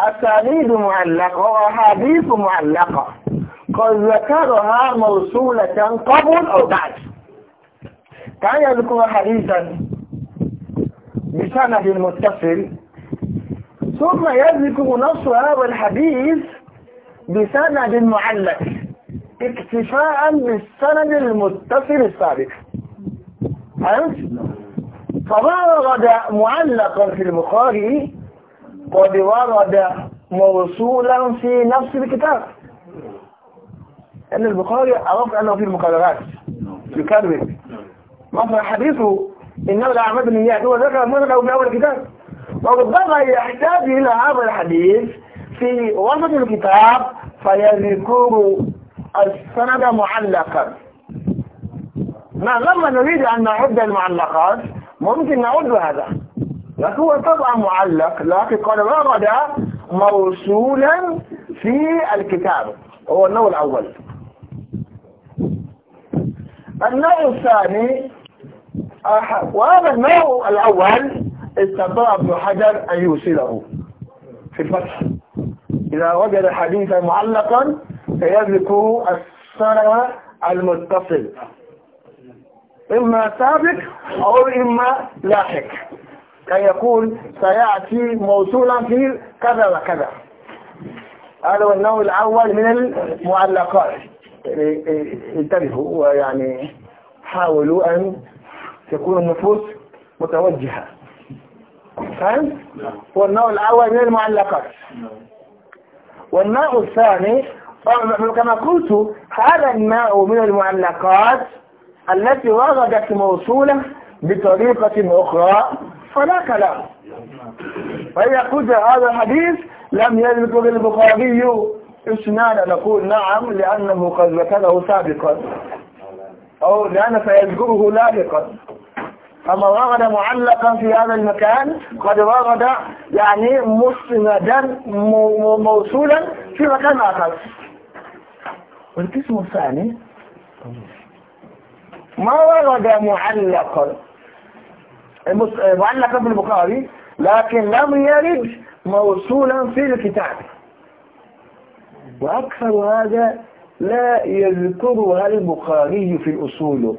Speaker 1: أسانيد معلقة وأحاديث معلقة قد ذكرها موصولة قبل أو بعد كان يذكر حديثا بسند متصل ثم يذكر نص هذا الحديث بسند معلق اكتفاء بالسند المتصل السابق فما ورد معلقا في البخاري قد ورد موصولا في نفس الكتاب أن البخاري عرف أنه في المقررات الكتاب مثلا حديثه عمد من بالنيات هو ذكر مثلا في أول الكتاب وربما يحتاج إلى هذا الحديث في وسط الكتاب فيذكر السند معلقا ما لما نريد أن نعد المعلقات ممكن نعد هذا لكن هو طبعا معلق لكن قال ورد موصولا في الكتاب هو النوع الأول النوع الثاني آه، وهذا النوع الأول استطاع ابن حجر أن يوصله في الفتح إذا وجد حديثا معلقا فيملك السنة المتصل إما سابق أو إما لاحق كي يقول سيأتي موصولا في كذا وكذا هذا هو النوع الأول من المعلقات يعني، يعني، انتبهوا ويعني حاولوا أن تكون النفوس متوجهة فهم؟ هو النوع الأول من المعلقات والنوع الثاني كما قلت هذا النوع من المعلقات التي وردت موصولة بطريقة أخرى فلا كلام قلت هذا الحديث لم يذكر البخاري إسنان نقول نعم لأنه قد ذكره سابقا أو لأنه سيذكره لاحقا أما ورد معلقا في هذا المكان قد ورد يعني مسندا موصولا في مكان آخر والقسم الثاني ما ورد معلقا معلقا في البخاري لكن لم يرد موصولا في الكتاب وأكثر هذا لا يذكرها البخاري في الأصول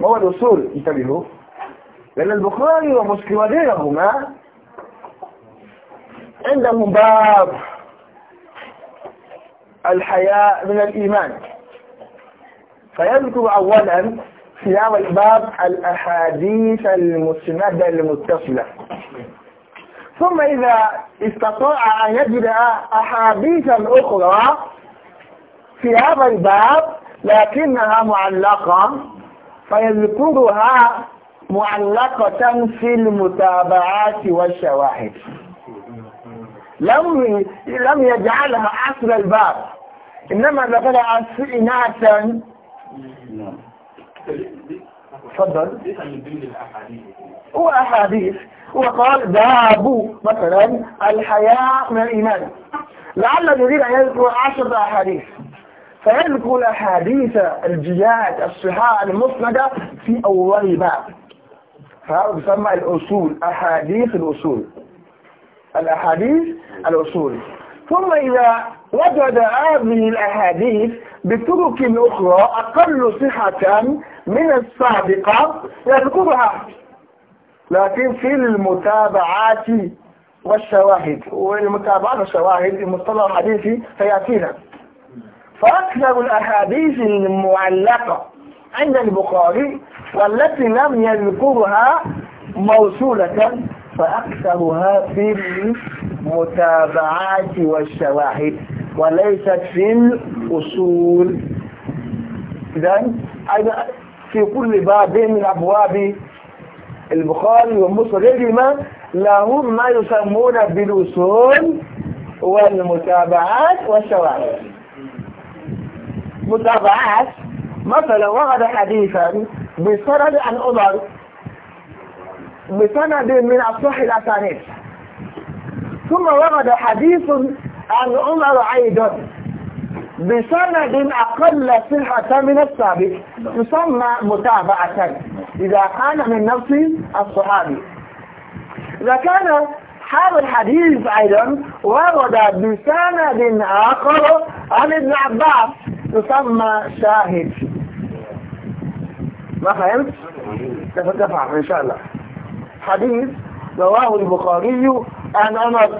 Speaker 1: ما هو الأصول انتبهوا لأن البخاري ومسلم وغيرهما عندهم باب الحياء من الإيمان فيذكر أولا في هذا الباب الأحاديث المسندة المتصلة ثم إذا استطاع أن يجد أحاديثا أخرى في هذا الباب لكنها معلقة فيذكرها معلقة في المتابعات والشواهد لم لم يجعلها أصل الباب إنما ذكرها اناثا
Speaker 2: نعم. تفضل
Speaker 1: هو أحاديث هو قال باب مثلا الحياء من الإيمان لعل يريد أن يذكر عشر أحاديث فيذكر الأحاديث الجياد الصحاح المسندة في أول باب فهذا يسمى الأصول أحاديث الأصول الأحاديث الأصول ثم إذا وجد هذه الأحاديث بطرق أخرى أقل صحة من السابقة يذكرها لكن في المتابعات والشواهد والمتابعات والشواهد المصطلح الحديثي سيأتينا فأكثر الأحاديث المعلقة عند البخاري والتي لم يذكرها موصولة فأكثرها في المتابعات والشواهد وليست في الأصول إذا أيضا في كل باب من أبواب البخاري ومسلم غيرهما لهم ما يسمون بالأصول والمتابعات والشواهد متابعات مثلا ورد حديثا بسند عن عمر بسند من أصح الأسانيد ثم ورد حديث أن عمر عيد بسند أقل صحة من السابق يسمى متابعة إذا كان من نفس الصحابي إذا كان هذا الحديث أيضا ورد بسند آخر عن ابن عباس يسمى شاهد ما فهمت؟ تفهم إن شاء الله حديث رواه البخاري عن عمر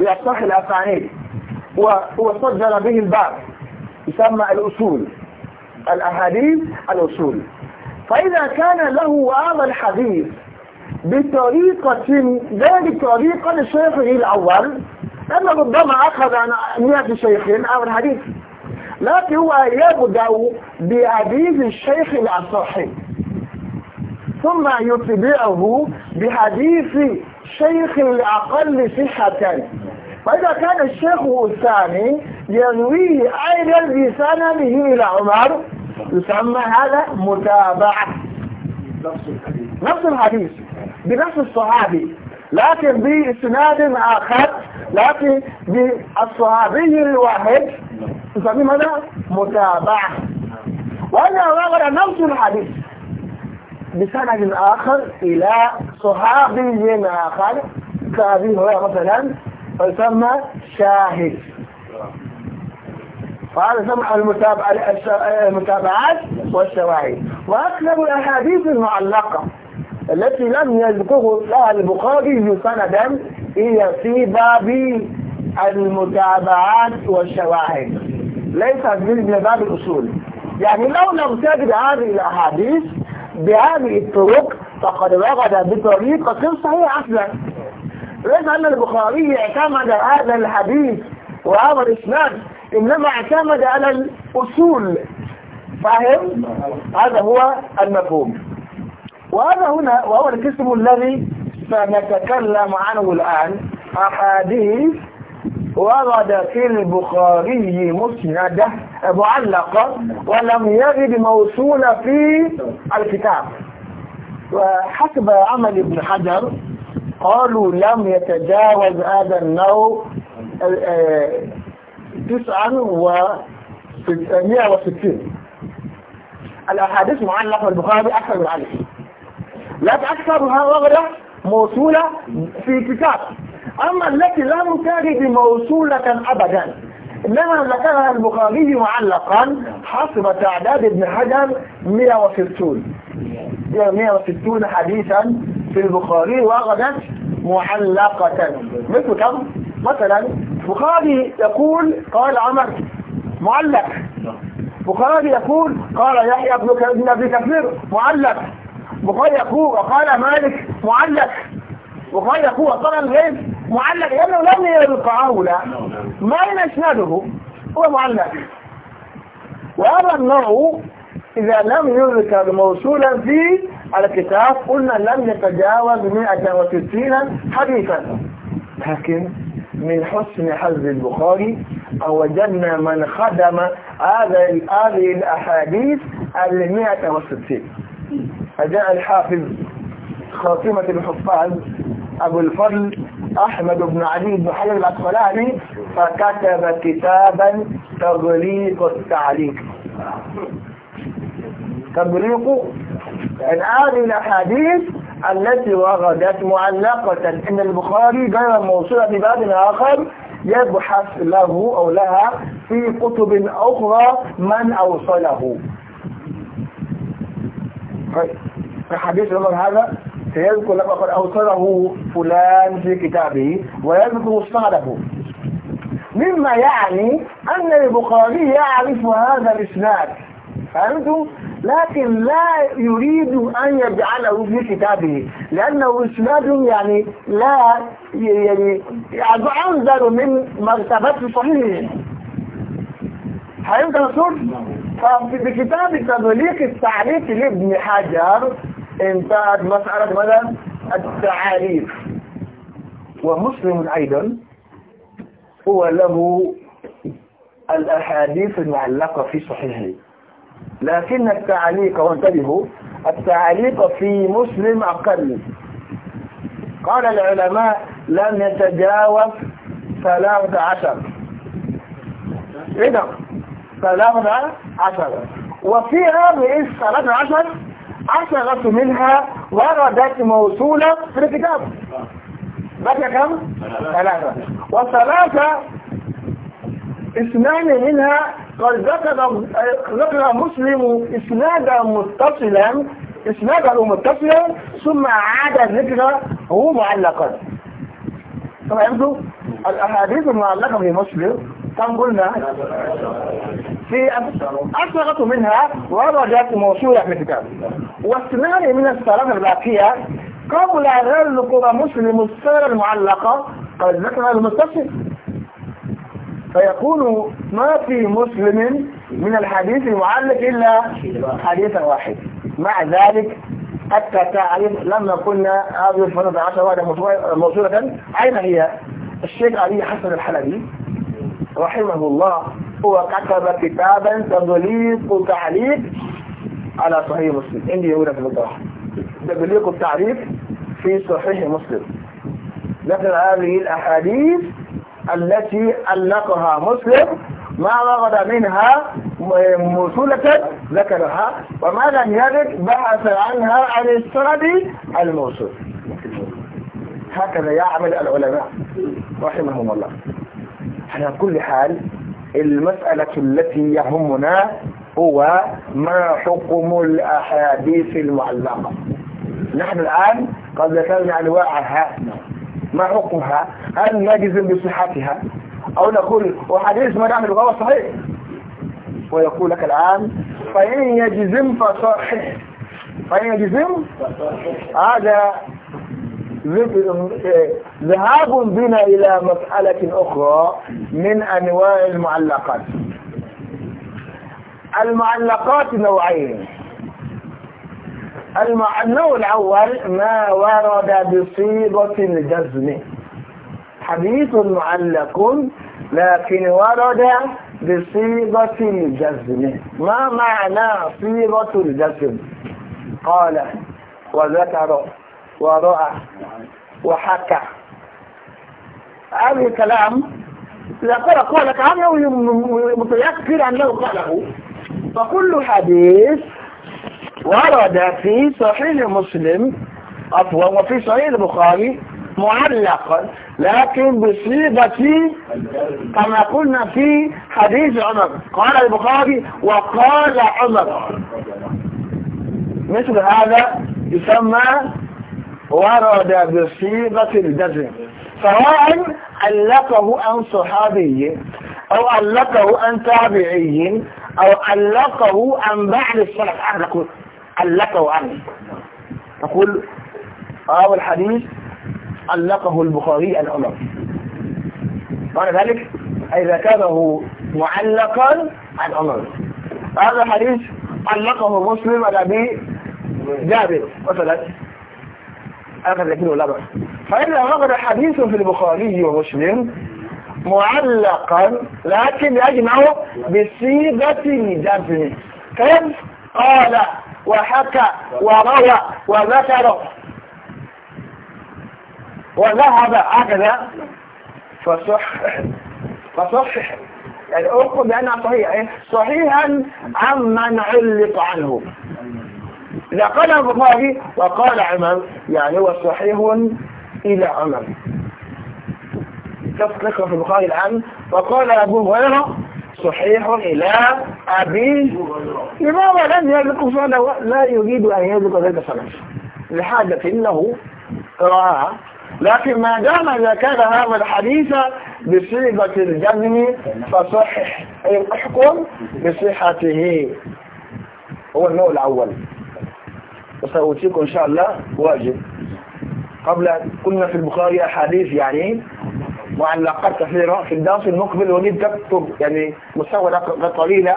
Speaker 1: بأفصح الأسانيد وصدر به الباب يسمى الأصول الأحاديث الأصول فإذا كان له هذا الحديث بطريقة غير طريقة لشيخه الأول لأنه ربما أخذ عن مئة شيخ أو الحديث لكن هو يبدأ بحديث الشيخ الأصحي ثم يتبعه بحديث شيخ الأقل صحة فإذا كان الشيخ الثاني ينويه أيضا بسنده إلى عمر يسمى هذا متابعة نفس الحديث بنفس الصحابي لكن بإسناد آخر لكن بالصحابي الواحد يسمي ماذا؟ متابعة وإذا أرى نفس الحديث بسند آخر إلى صحابي آخر كأبي هريرة مثلا فيسمى شاهد فهذا سمع المتابعات والشواهد وأكثر الأحاديث المعلقة التي لم يذكره لها البخاري سندا هي في باب المتابعات والشواهد ليست من باب الأصول يعني لو لم تجد هذه الأحاديث بهذه الطرق فقد وجد بطريقة صحيحة أصلا ليس أن البخاري اعتمد هذا الحديث وهذا الإسناد إنما اعتمد على الأصول فاهم؟ هذا هو المفهوم وهذا هنا وهو القسم الذي سنتكلم عنه الآن أحاديث ورد في البخاري مسندة معلقة ولم يرد موصولة في الكتاب وحسب عمل ابن حجر قالوا لم يتجاوز هذا النوع آه، تسعا وستمائة وستين الأحاديث معلقة البخاري أكثر من عليه لكن أكثرها وغيرها موصولة في كتاب أما التي لم تجد موصولة أبدا إنما ذكرها البخاري معلقا حسب تعداد ابن حجر 160 160 حديثا في البخاري وغدت معلقة مثل كم مثلا بخاري يقول قال عمر معلق بخاري يقول قال يحيى بن ابي كثير معلق بخاري يقول قال مالك معلق بخاري يقول قال الغيب معلق لانه لم يلقعه لا ما ينشنده هو معلق وهذا النوع اذا لم يذكر موصولا فيه على الكتاب قلنا لم يتجاوز 160 حديثا لكن من حسن حظ البخاري وجدنا من خدم هذا هذه الاحاديث ال 160 فجاء الحافظ خاتمة الحفاظ أبو الفضل أحمد بن علي بن حجر العسقلاني فكتب كتابا تغليق التعليق تغليق الآن يعني الأحاديث التي وردت معلقة إن البخاري غير موصولة بباب آخر يبحث له أو لها في كتب أخرى من أوصله الحديث طيب، الأمر هذا سيذكر لك قد أوصله فلان في كتابه ويذكر صاله مما يعني أن البخاري يعرف هذا الإسناد فهمتم؟ لكن لا يريد أن يجعله في كتابه لأنه إسناد يعني لا يعني أنزل من مرتبة صحيح حيث ففي كتاب تبليغ التعريف لابن حجر انتهت مسألة ماذا؟ التعريف ومسلم أيضا هو له الأحاديث المعلقة في صحيحه لكن التعليق وانتبهوا التعليق في مسلم أقل قال العلماء لم يتجاوز ثلاثة عشر إذا ثلاثة عشر وفي هذه الثلاثة عشر عشرة منها وردت موصولة في الكتاب بقي كم؟ ثلاثة والثلاثة اسمان منها قد ذكر ذكر مسلم اسنادا متصلا اسنادا متصلا ثم عاد ذكره معلقا فهمتوا؟ الاحاديث المعلقه في مسلم كم قلنا؟ في أسرة منها وردت موصولة في الكتاب واثنان من الثلاثة الباقية قبل أن يذكر مسلم السنه المعلقة قد ذكر المتصل فيكون ما في مسلم من الحديث المعلق إلا حديثا واحد مع ذلك تعرف لما قلنا هذه الفنة عشر واحدة موصولة أين هي الشيخ علي حسن الحلبي رحمه الله هو كتب كتابا تضليق تعليق على صحيح مسلم عندي هنا في المطرح تضليق التعريف في صحيح مسلم مثل هذه الأحاديث التي ألقها مسلم ما ورد منها موصولة ذكرها وما لم يرد بحث عنها عن السند الموصول هكذا يعمل العلماء رحمهم الله على كل حال المسألة التي يهمنا هو ما حكم الأحاديث المعلقة نحن الآن قد ذكرنا أنواعها ما حكمها هل نجزم بصحتها أو نقول وحديث ما نعمل وهو صحيح ويقول لك الآن فإن يجزم فصحيح فإن يجزم هذا ذهاب بنا إلى مسألة أخرى من أنواع المعلقات المعلقات نوعين النوع الأول ما ورد بصيغة الجزم حديث معلق لكن ورد بصيغة الجزم ما معنى صيغة الجزم قال وذكر ورأى وحكى هذا الكلام إذا قال قولك هذا متيقن أنه قاله فكل حديث ورد في صحيح مسلم عفوا وفي صحيح البخاري معلقا لكن بصيغة كما قلنا في حديث عمر قال البخاري وقال عمر مثل هذا يسمى ورد بصيغة الجزم سواء علقه عن صحابي او علقه عن تابعي او علقه عن بعض السلف علقه عنه تقول اه الحديث علقه البخاري عن عمر معنى ذلك أي ذكره معلقا عن عمر هذا الحديث علقه مسلم على أبي جابر مثلا آخر لكن ولا بأس فإذا ورد حديث في البخاري ومسلم معلقا لكن يجمع بصيغة جابر كيف قال وحكى وروى وذكر وذهب هكذا فصح فصحح يعني أقول بأنها صحيحة إيه؟ صحيحا عمن علق عنه إذا قال البخاري وقال عمر يعني هو صحيح إلى عمر تفقه في البخاري الآن وقال أبو هريرة صحيح إلى أبي لماذا لم يذكر صلاة لا يريد أن يذكر ذلك صلاة لحاجة له رآها لكن ما دام ذكر هذا الحديث بصيغة الجنة فصحح احكم بصحته هو النوع الأول وسأوتيكم إن شاء الله واجب قبل كنا في البخاري أحاديث يعني معلقات كثيرة في الدرس المقبل وليد تكتب يعني مساولة قليلة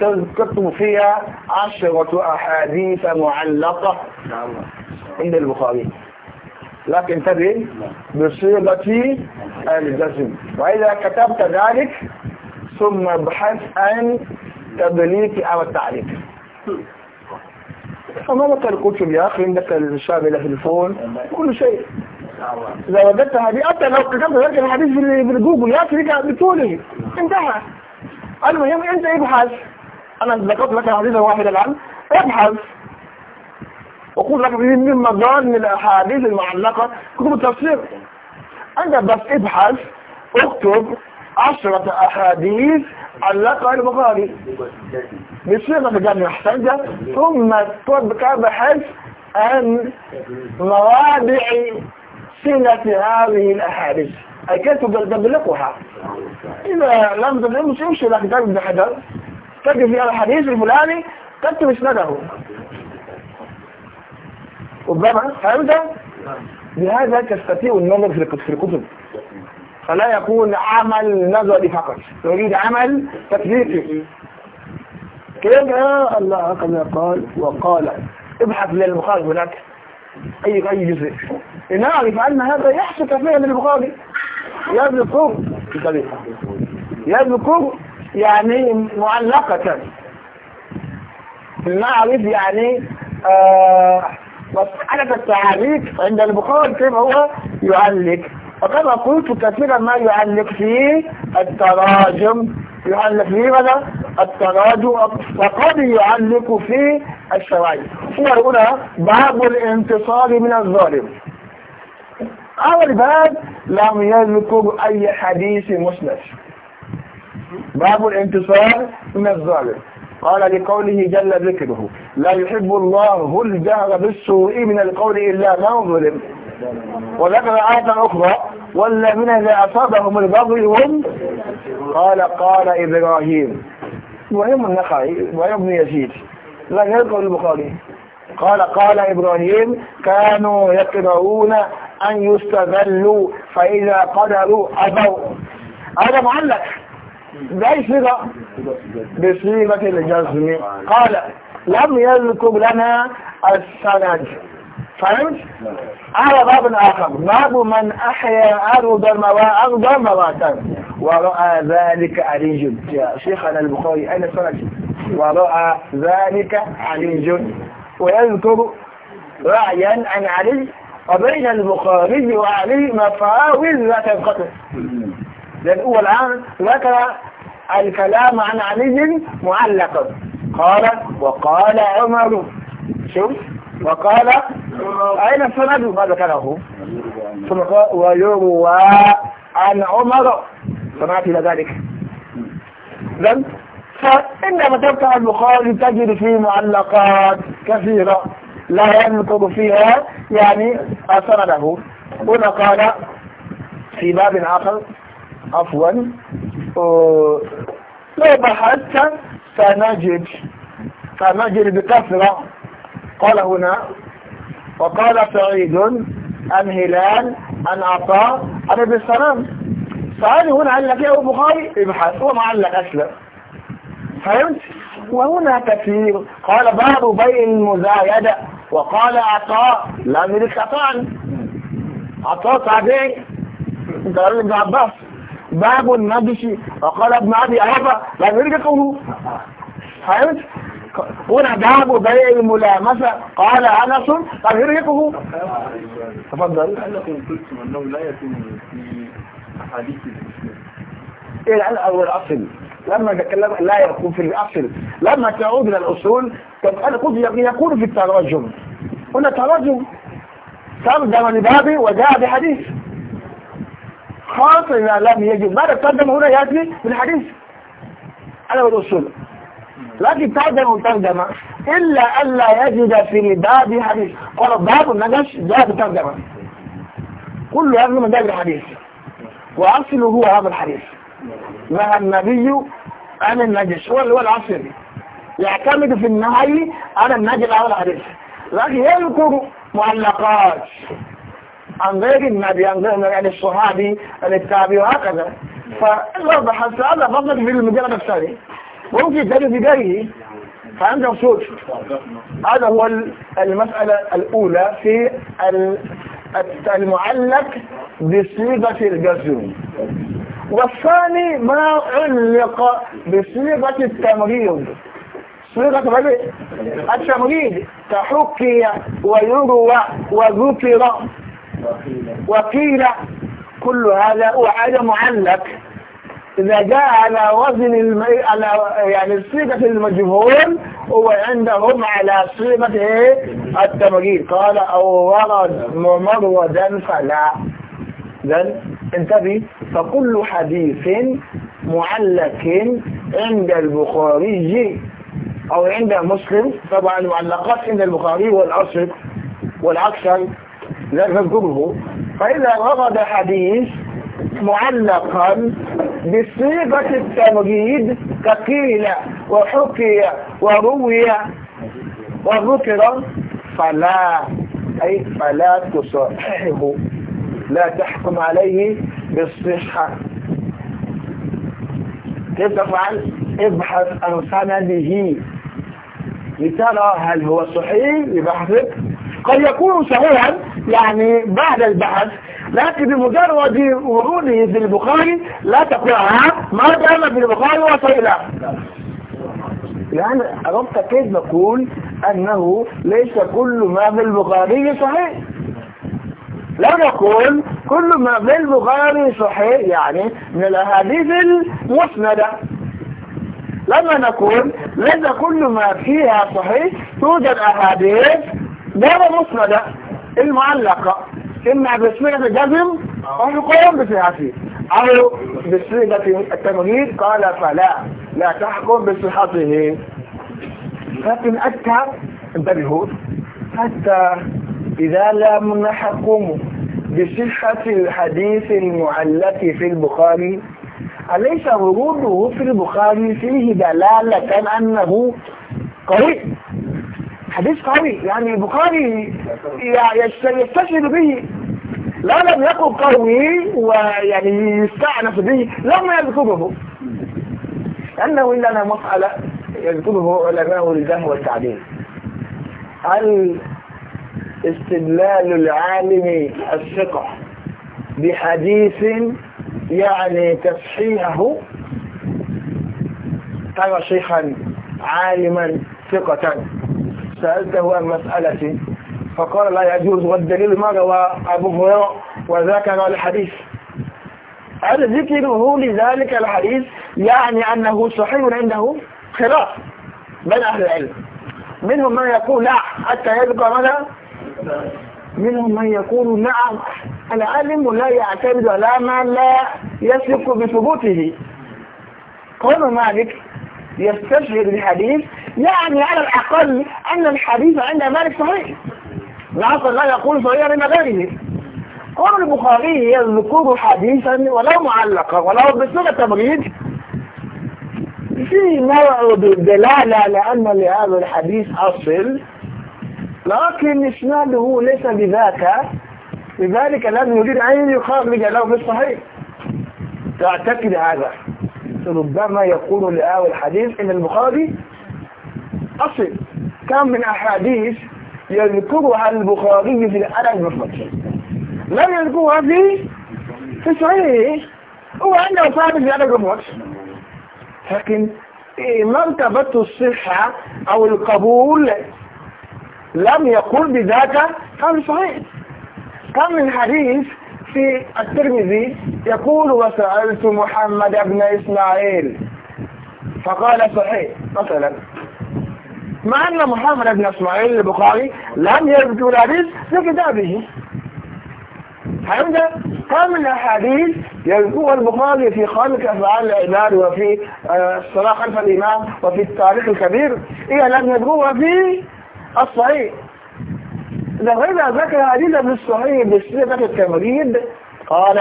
Speaker 1: تكتب فيها عشرة أحاديث معلقة نعم. عند البخاري لكن تبي نعم. بصيغة الجزم وإذا كتبت ذلك ثم ابحث عن تدليك أو التعليق أمامك الكتب يا أخي عندك الشاب الفون كل شيء إذا وجدت هذه حتى لو كتبت ذلك الحديث بالجوجل اخي بطوله انتهى المهم انت ابحث انا ذكرت لك حديثا واحدا الان ابحث وقول لك دي من مضان الاحاديث المعلقة كتب التفسير انت بس ابحث اكتب عشرة احاديث علقة البخاري بصيغة جمع حسنجة ثم تبقى بحث عن مواضع سنة هذه الأحاديث أي كيف تدلقها إذا لم تدلقش امشي إلى كتاب ابن حجر تجد في الحديث الفلاني تكتب اسنده ربما فهمت؟ بهذا تستطيع النظر في الكتب فلا يكون عمل نظري فقط يريد عمل تكليفي كيف الله قال وقال ابحث للمخالف هناك أي أي جزء لنعرف أن هذا يحصل فعلا للبخاري يذكر يذكر يعني معلقة نعرف يعني آه مسألة التعريف عند البخاري كيف هو يعلق وكما قلت كثيرا ما يعلق فيه التراجم يعلق فيه ماذا؟ التراجم وقد يعلق فيه الشرائع هو الأولى باب الانتصار من الظالم أول باب لم يذكر أي حديث مسند باب الانتصار من الظالم قال لقوله جل ذكره لا يحب الله الجهر بالسوء من القول إلا من ظلم وذكر آية أخرى والذين إذا أصابهم البغي هم قال قال إبراهيم وهم النخعي وهم بن يزيد لا يذكر البخاري قال قال إبراهيم كانوا يقرؤون أن يستذلوا فإذا قدروا أبوا هذا معلق بأي صيغة؟ بصيغة الجزم قال لم يذكر لنا السند فهمت؟
Speaker 2: على باب آخر باب
Speaker 1: من أحيا أرض أرض مواتا ورأى ذلك علي يا شيخنا البخاري أنا سنتي ورأى ذلك علي ويذكر رعيا عن علي وبين البخاري وعلي مفاوز لا تنقطع لأن هو الآن ذكر الكلام عن علي معلقا قال وقال عمر شوف وقال أين السند ما ذكره ثم ويروى عن عمر سمعت إلى ذلك إذن فإنما تبقى البخاري تجد فيه معلقات كثيرة لا ينقض فيها يعني له. هنا قال في باب آخر عفوا آه، لو بحثت سنجد سنجد بكثرة قال هنا وقال سعيد عن هلال عن عطاء عن ابن السلام فهل هنا علق يا ابو بخاري ابحث هو ما علق اسلم فهمت وهنا كثير قال باب بيع المزايدة وقال عطاء لا يملك عطاء عطاء صعبين قال ابن عباس باب النبش وقال ابن ابي عبا لا يملك قوله فهمت هنا ذهب بيع الملامسة قال أنس تفرقه تفضل لعلكم قلتم
Speaker 2: أنه لا يكون في حديث
Speaker 1: الاصل لما تكلم لا يكون في الاصل لما تعود الى الاصول يكون في التراجم هنا تراجم ترجم لبابي وجاء بحديث خاصة إذا لم يجب ماذا ترجم هنا يأتي بالحديث على الأصول لكن ترجمة ترجمة إلا ألا يجد في باب حديث قال باب النجش جاء بترجمة كل هذا من باب الحديث وأصله هو هذا الحديث نهى النبي عن النجش هو اللي هو العصر يعتمد في النهي على النجل على الحديث لكن يذكر معلقات عن غير النبي عن غير عن الصحابي التابعي وهكذا فالله بحث هذا فضل في المجلد الثاني ممكن تلاقي في جريه فعنده وصول هذا هو المسألة الأولى في المعلق بصيغة الجزم والثاني ما علق بصيغة التمريض صيغة التمريض تحكي ويروى وذكر وقيل كل هذا وهذا معلق إذا جاء على وزن الم... على يعني صيغة المجهول هو عندهم على صيغة إيه؟ التمرير قال أو ورد ممرودا فلا إذا انتبه فكل حديث معلق عند البخاري أو عند مسلم طبعا المعلقات عند البخاري والأصل والأكثر لا تذكره فإذا ورد حديث معلقا بصيغة التمجيد كقيل وحكي وروي وذكر فلا أي فلا تصححه لا تحكم عليه بالصحة كيف تفعل ابحث عن سنده لترى هل هو صحيح يبحث قد يكون صحيحا يعني بعد البحث لكن بمجرد وروده في البخاري لا تقرأها ما دام في البخاري وصيلة يعني ربط كيف نقول أنه ليس كل ما في البخاري صحيح لا نقول كل ما في البخاري صحيح يعني من الأحاديث المسندة لما نقول ليس كل ما فيها صحيح توجد أحاديث غير مسندة المعلقة إما بسمية الجزم أو يقوم بصيغته أو بسمية التمهيد قال فلا لا تحكم بصحته لكن أكثر انتبهوا حتى إذا لم نحكم بصحة الحديث المعلق في البخاري أليس وروده في البخاري فيه دلالة أنه قريب حديث قوي يعني البخاري يستشهد به لا لم يكن قوي ويعني يستعنف به لما يذكره لأنه انا مسألة يذكره علماء الجهل والتعديل استدلال العالم الثقة بحديث يعني تصحيحه ترى شيخا عالما ثقة سألته عن مسألتي فقال لا يجوز والدليل ما روى أبو هريرة وذكر الحديث هل ذكره لذلك الحديث يعني أنه صحيح عنده خلاف بين أهل العلم منهم من يقول لا حتى يبقى ماذا منهم من يقول نعم العالم لا يعتمد على ما لا يثق بثبوته قول مالك يستشهد الحديث يعني على الأقل أن الحديث عند مالك صحيح العصر لا يقول صحيح من غيره قول البخاري يذكر حديثا ولو معلقا ولو بسنة تبريد في نوع دلالة لأن لهذا الحديث أصل لكن إسناده ليس بذاك لذلك لازم يريد أن يخرج له في الصحيح تعتقد هذا ربما يقول لآوي الحديث إن البخاري أصل كان من أحاديث يذكرها البخاري في الأدب المفرد لم يذكرها في في صحيحه هو عنده صاحب في الأدب المفرد لكن إيه، مرتبة الصحة أو القبول لم يقول بذاك كان صحيح كان من حديث في الترمذي يقول وسألت محمد بن إسماعيل فقال صحيح مثلا مع أن محمد بن إسماعيل البخاري لم يذكر الحديث في كتابه عنده كم أحاديث يذكرها البخاري في خالق أفعال العباد وفي آه، الصلاة خلف الإمام وفي التاريخ الكبير إيه لم يذكرها في الصحيح إذا غير ذكر حديثا في الصحيح بصفة التمريد قال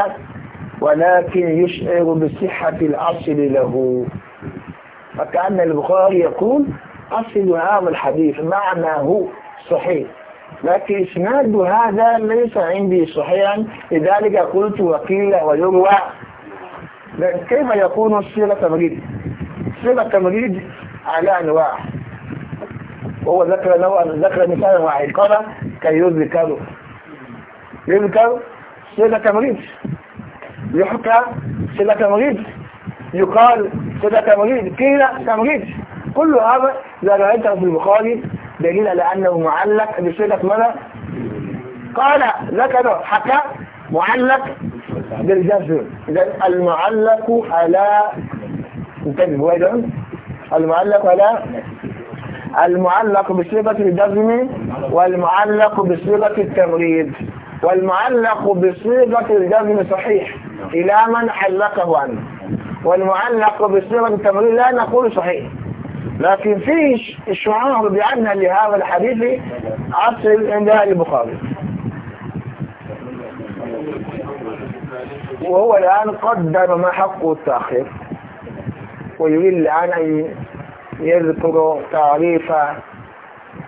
Speaker 1: ولكن يشعر بصحة الأصل له فكأن البخاري يقول أصل هذا الحديث معناه صحيح لكن إسناد هذا ليس عندي صحيحا لذلك قلت وقيل ويروى كيف يكون الصيغة تمريد صلة تمريد على أنواع وهو ذكر نوع ذكر مثالا قال كي يذكر يذكر صيغة تمريد يحكى صلة تمريض يقال صلة تمريض قيل تمريض كل هذا لا رأيته في البخاري دليل على أنه معلق بصلة ماذا؟ قال ذكر حكى معلق بالجزم إذا المعلق على انتبه وإذا المعلق على المعلق بصيغة الجزم والمعلق بصيغة التمريض والمعلق بصيغة الجزم صحيح إلى من علقه عنه والمعلق بصيغة التمرير لا نقول صحيح لكن في الشعار بأن لهذا الحديث أصل عند البخاري وهو الآن قدم ما حقه التأخير ويريد الآن أن يذكر تعريف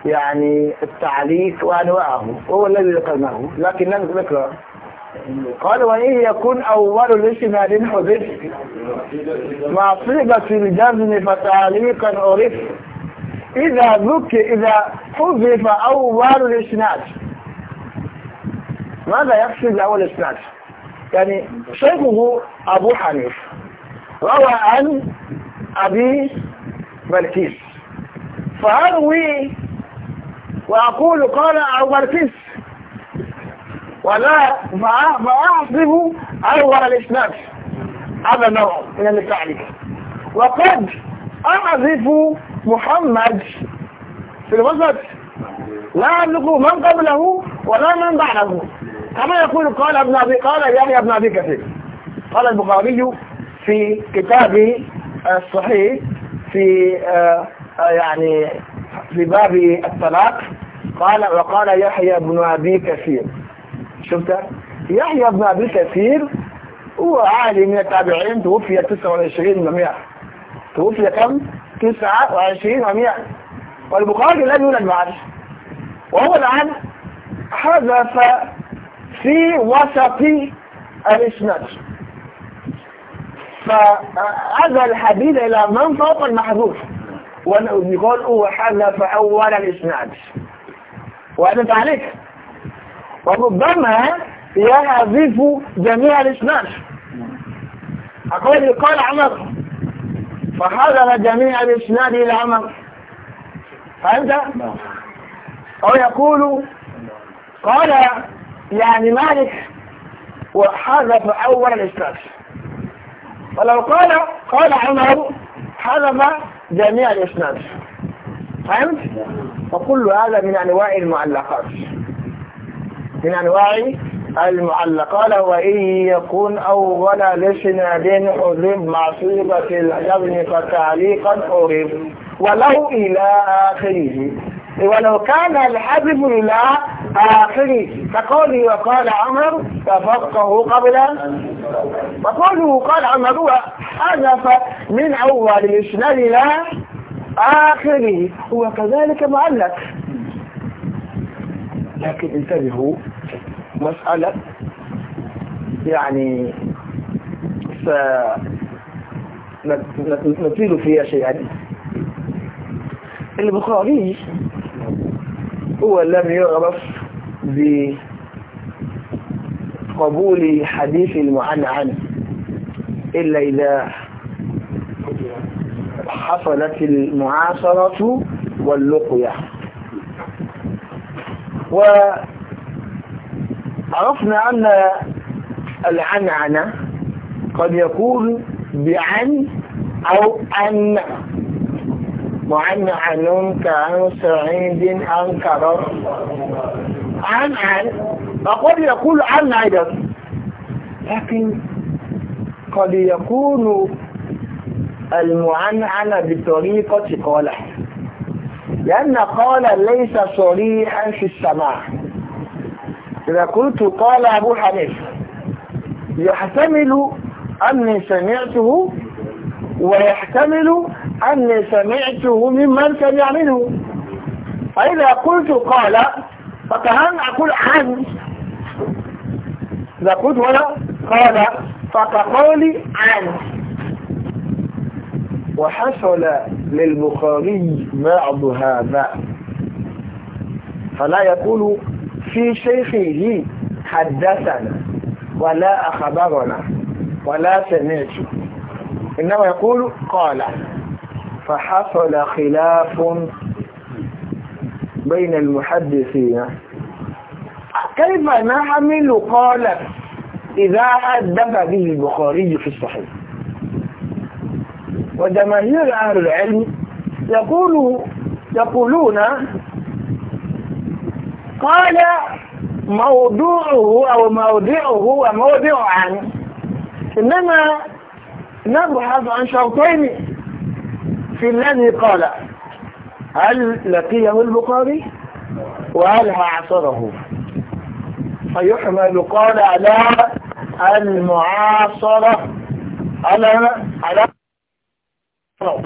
Speaker 1: يعني التعليق وأنواعه هو الذي ذكرناه لكن لم نذكره قال وإيه يكون أول الاسم لإن حذف مع صيغة الجزم فتعليقا عرف إذا ذكر إذا حذف أول الإسناد ماذا يقصد بأول الإسناد؟ يعني شيخه أبو حنيف روى عن أبي بلكيس فأروي وأقول قال أبو بلكيس ولا ما أعظم أول الإسلام هذا نوع من التعريف وقد أعظم محمد في الوسط لا أملك من قبله ولا من بعده كما يقول قال ابن أبي قال يعني ابن أبي كثير قال البخاري في كتابه آه، الصحيح في آه،, آه يعني في باب الطلاق قال وقال يحيى بن أبي كثير شفت يحيى بن أبي كثير هو عالي من التابعين توفي 29 و100 توفي كم 29 و100 والبخاري لم يولد معه وهو الآن حذف في وسط الإسناد
Speaker 2: فهذا
Speaker 1: الحديث إلى من فوق المحذوف ويقول هو حذف أول الإسناد وهذا تعليق وربما يعذف جميع الاثنان أقول قال عمر فحضر جميع الاسناد الى عمر فهمت او يقول قال يعني مالك وحذف اول الاسناد ولو قال قال عمر حذف جميع الاسناد فهمت وكل هذا من انواع المعلقات من أنواع المعلقة قال وإن يكون أول لسناد حذب مع صيغة فتعليقا حرم وله إلى آخره ولو كان الحذف إلى آخره فقوله وقال عمر تفقه قبل وقوله قال عمر هو حذف من أول الإسناد إلى آخره هو كذلك معلق لكن انتبهوا مسألة يعني سنطيل فيها شيئا البخاري هو لم يعرف بقبول حديث عنه إلا إذا حصلت المعاصرة واللقية وعرفنا أن العنعنة قد يكون بعن أو أن معنعن عنك سعيد أنكر
Speaker 2: عن عن
Speaker 1: وقد يقول عن عدد لكن قد يكون المعنعن بطريقة قوله لأن قال ليس صريحا في السماع إذا قلت قال أبو حنيفة يحتمل أني سمعته ويحتمل أني سمعته ممن سمع منه فإذا قلت قال فكأن أقول عن إذا قلت ولا قال فكقولي عن وحصل للبخاري بعض هذا فلا يقول في شيخه حدثنا ولا أخبرنا ولا سمعت إنما يقول قال فحصل خلاف بين المحدثين كيف نحمل قال إذا حدث به البخاري في الصحيح وجماهير أهل العلم يقولوا يقولون قال موضوعه أو موضعه وموضع عنه إنما نبحث عن شرطين في الذي قال هل لقيه البخاري وهل عصره فيحمل قال على المعاصرة على على يقرأ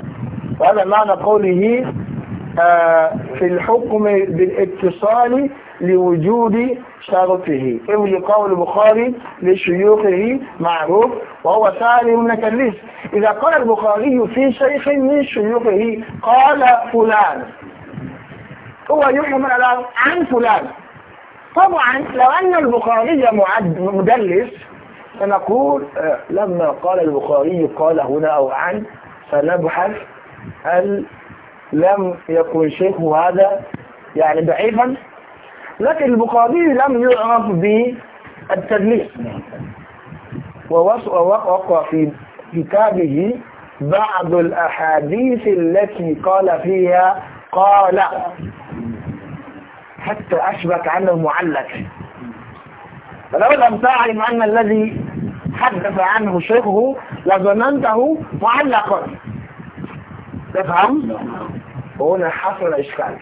Speaker 1: وهذا معنى قوله آه، في الحكم بالاتصال لوجود شرطه إذ قول البخاري لشيوخه معروف وهو سالم متلس إذا قال البخاري في شيخ من شيوخه قال فلان هو يحمل على عن فلان طبعا لو أن البخاري مدلس سنقول آه، لما قال البخاري قال هنا أو عن فنبحث هل لم يكن شيخه هذا يعني ضعيفا لكن البخاري لم يعرف بالتدليس ووقع في كتابه بعض الأحاديث التي قال فيها قال حتى أشبك عنه المعلق فلو لم تعلم أن الذي تحدث عنه شيخه وظننته معلقا تفهم؟ هنا حصل إشكال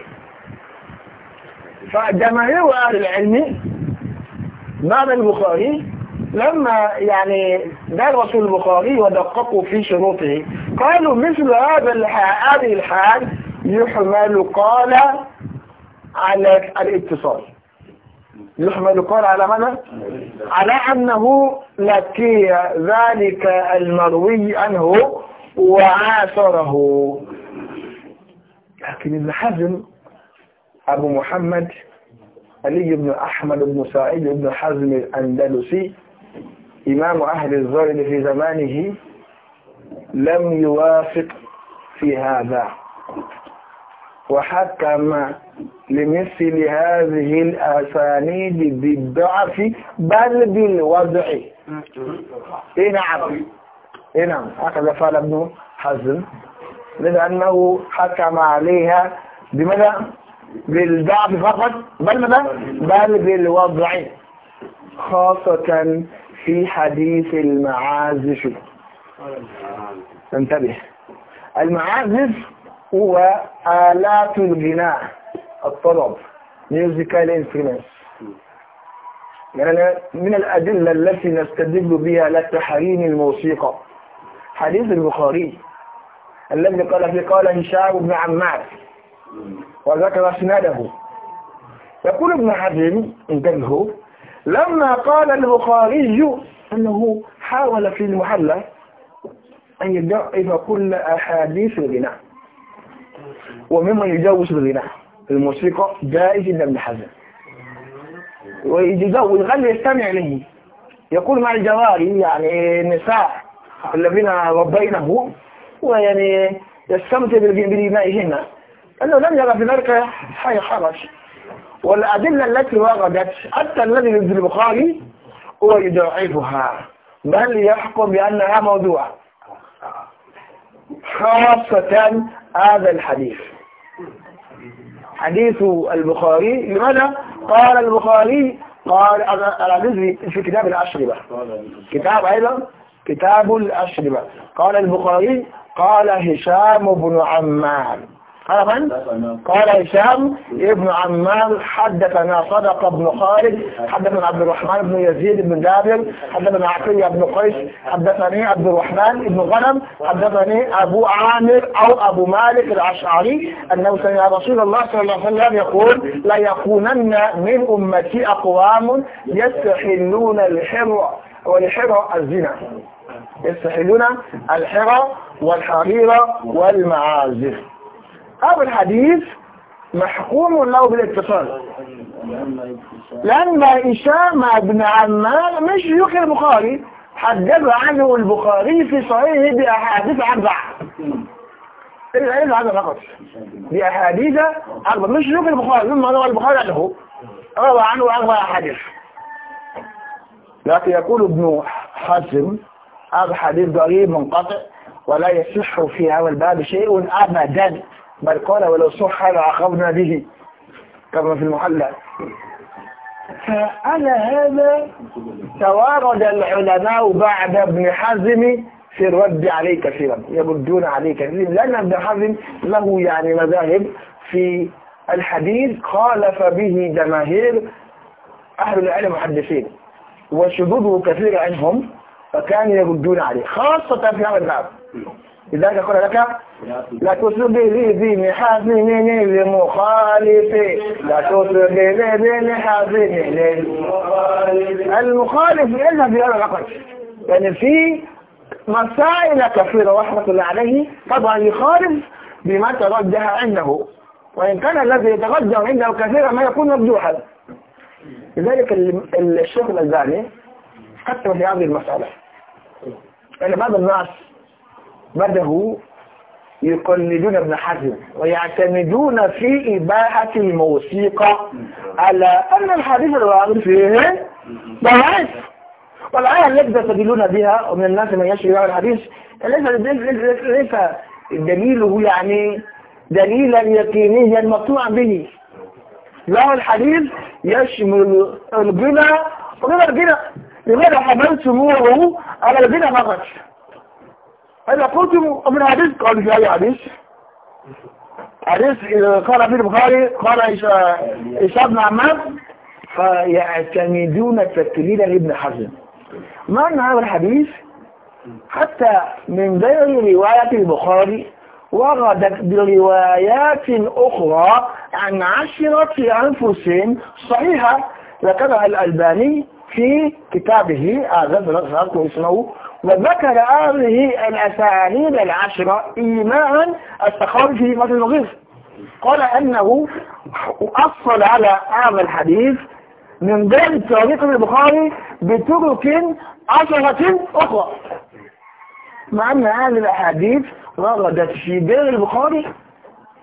Speaker 1: فجماهير أهل العلم بعد البخاري لما يعني درسوا البخاري ودققوا في شروطه قالوا مثل هذا هذه الحال يحمل قال على الاتصال يحمل القول على من على أنه لقي ذلك المروي عنه وعاثره لكن ابن حزم أبو محمد علي بن أحمد بن سعيد بن حزم الأندلسي إمام أهل الظالم في زمانه لم يوافق في هذا وحكم لمثل هذه الأسانيد بالضعف بل بالوضع اي نعم اي نعم هكذا فعل ابن حزم لأنه حكم عليها بماذا بالضعف فقط بل ماذا بل بالوضع خاصة في حديث المعازف انتبه المعازف هو آلات الغناء الطلب musical انسترومنت يعني من الأدلة التي نستدل بها على تحريم الموسيقى حديث البخاري الذي قال فيه قال هشام بن عمار وذكر اسناده يقول ابن حزم انتبهوا لما قال البخاري أنه حاول في المحلة أن يضعف كل أحاديث الغناء ومما يجاوز الغناء الموسيقى جائز إلا ابن حزم ويغني يستمع له يقول مع الجواري يعني النساء الذين ربينه ويعني يستمتع بدمائهن أنه لم يرى في ذلك حي حرج والأدلة التي وردت حتى الذي في البخاري هو يضعفها بل يحكم بأنها موضوع خاصة هذا الحديث حديث البخاري لماذا قال البخاري قال العزيزي في كتاب الأشربة كتاب أيضا كتاب الأشربة قال البخاري قال هشام بن عمار قال قال هشام ابن عمار حدثنا صدق بن خالد حدثنا عبد الرحمن بن يزيد بن جابر حدثنا عقية بن قيس حدثني عبد الرحمن بن غنم حدثني أبو عامر أو أبو مالك الأشعري أنه سمع رسول الله صلى الله عليه وسلم يقول لا يكونن من أمتي أقوام يستحلون الحر والحر الزنا يستحلون الحر والحرير والمعازف هذا الحديث محكوم له بالاتصال لأن هشام بن عمار مش شيوخ البخاري حدد عنه البخاري في صحيح بأحاديث أربعة إلا هذا فقط بأحاديث أربعة مش شيوخ البخاري مما روى البخاري عنه روى عنه أربع أحاديث لكن يقول ابن حزم هذا حديث غريب منقطع ولا يصح في هذا الباب شيء أبدا بل قال ولو صح لعاقبنا به كما في المحلى فعلى هذا توارد العلماء بعد ابن حزم في الرد عليه كثيرا يردون عليه كثيرا لأن ابن حزم له يعني مذاهب في الحديث خالف به جماهير أهل العلم المحدثين وشذوذه كثير عنهم فكانوا يردون عليه خاصة في هذا الباب لذلك يقول لك لا ذي بمحزن للمخالف لا ذي بمحزن للمخالف المخالف يذهب إلى العقل يعني في مسائل كثيرة رحمة الله عليه طبعا يخالف بما ترجح عنده وإن كان الذي يترجح عنده كثيرا ما يكون مرجوحا لذلك الشيخ الألباني حتى في هذه المسألة يعني بعض الناس بدأوا يقلدون ابن حزم ويعتمدون في إباحة الموسيقى على أن الحديث الراغب فيه ضعيف والآية التي تستدلون بها ومن الناس من يشري بها الحديث ليس ليس دليله يعني دليلا يقينيا مقطوعا به له الحديث يشمل الغنى وغنى الغنى لماذا حملتموه على الغنى فقط فإذا قلت من حديث قالوا في أي حديث حديث قال في البخاري قال إيش بن عماد فيعتمدون التكليل لابن حزم معنى هذا الحديث حتى من غير رواية البخاري وردت بروايات أخرى عن عشرة أنفسهم صحيحة ذكرها الألباني في كتابه هذا آه اسمه وذكر هذه الأساليب العشرة إيماء التخرج في مثل المغيث قال أنه أصل على هذا الحديث من باب طريق البخاري بطرق عشرة أخرى مع أن هذه الأحاديث وردت في باب البخاري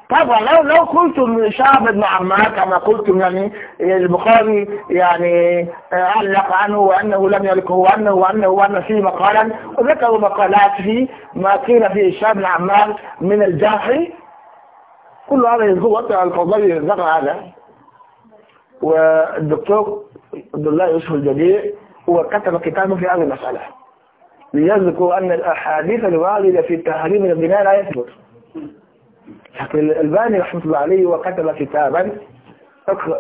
Speaker 1: طبعا لو لو قلتم شعب ابن عمار كما قلتم يعني البخاري يعني آه، علق عنه وانه لم يلقه وانه وانه وانه فيه مقالا وذكروا مقالات فيه ما قيل فيه شعب ابن عمار من الجرح كل هذا يذكر القضاوي ذكر هذا والدكتور عبد الله يوسف الجديع هو كتب كتابه في هذه المسألة ليذكر أن الأحاديث الواردة في تحريم البناء لا يثبت لكن الألباني رحمة الله عليه وكتب كتابا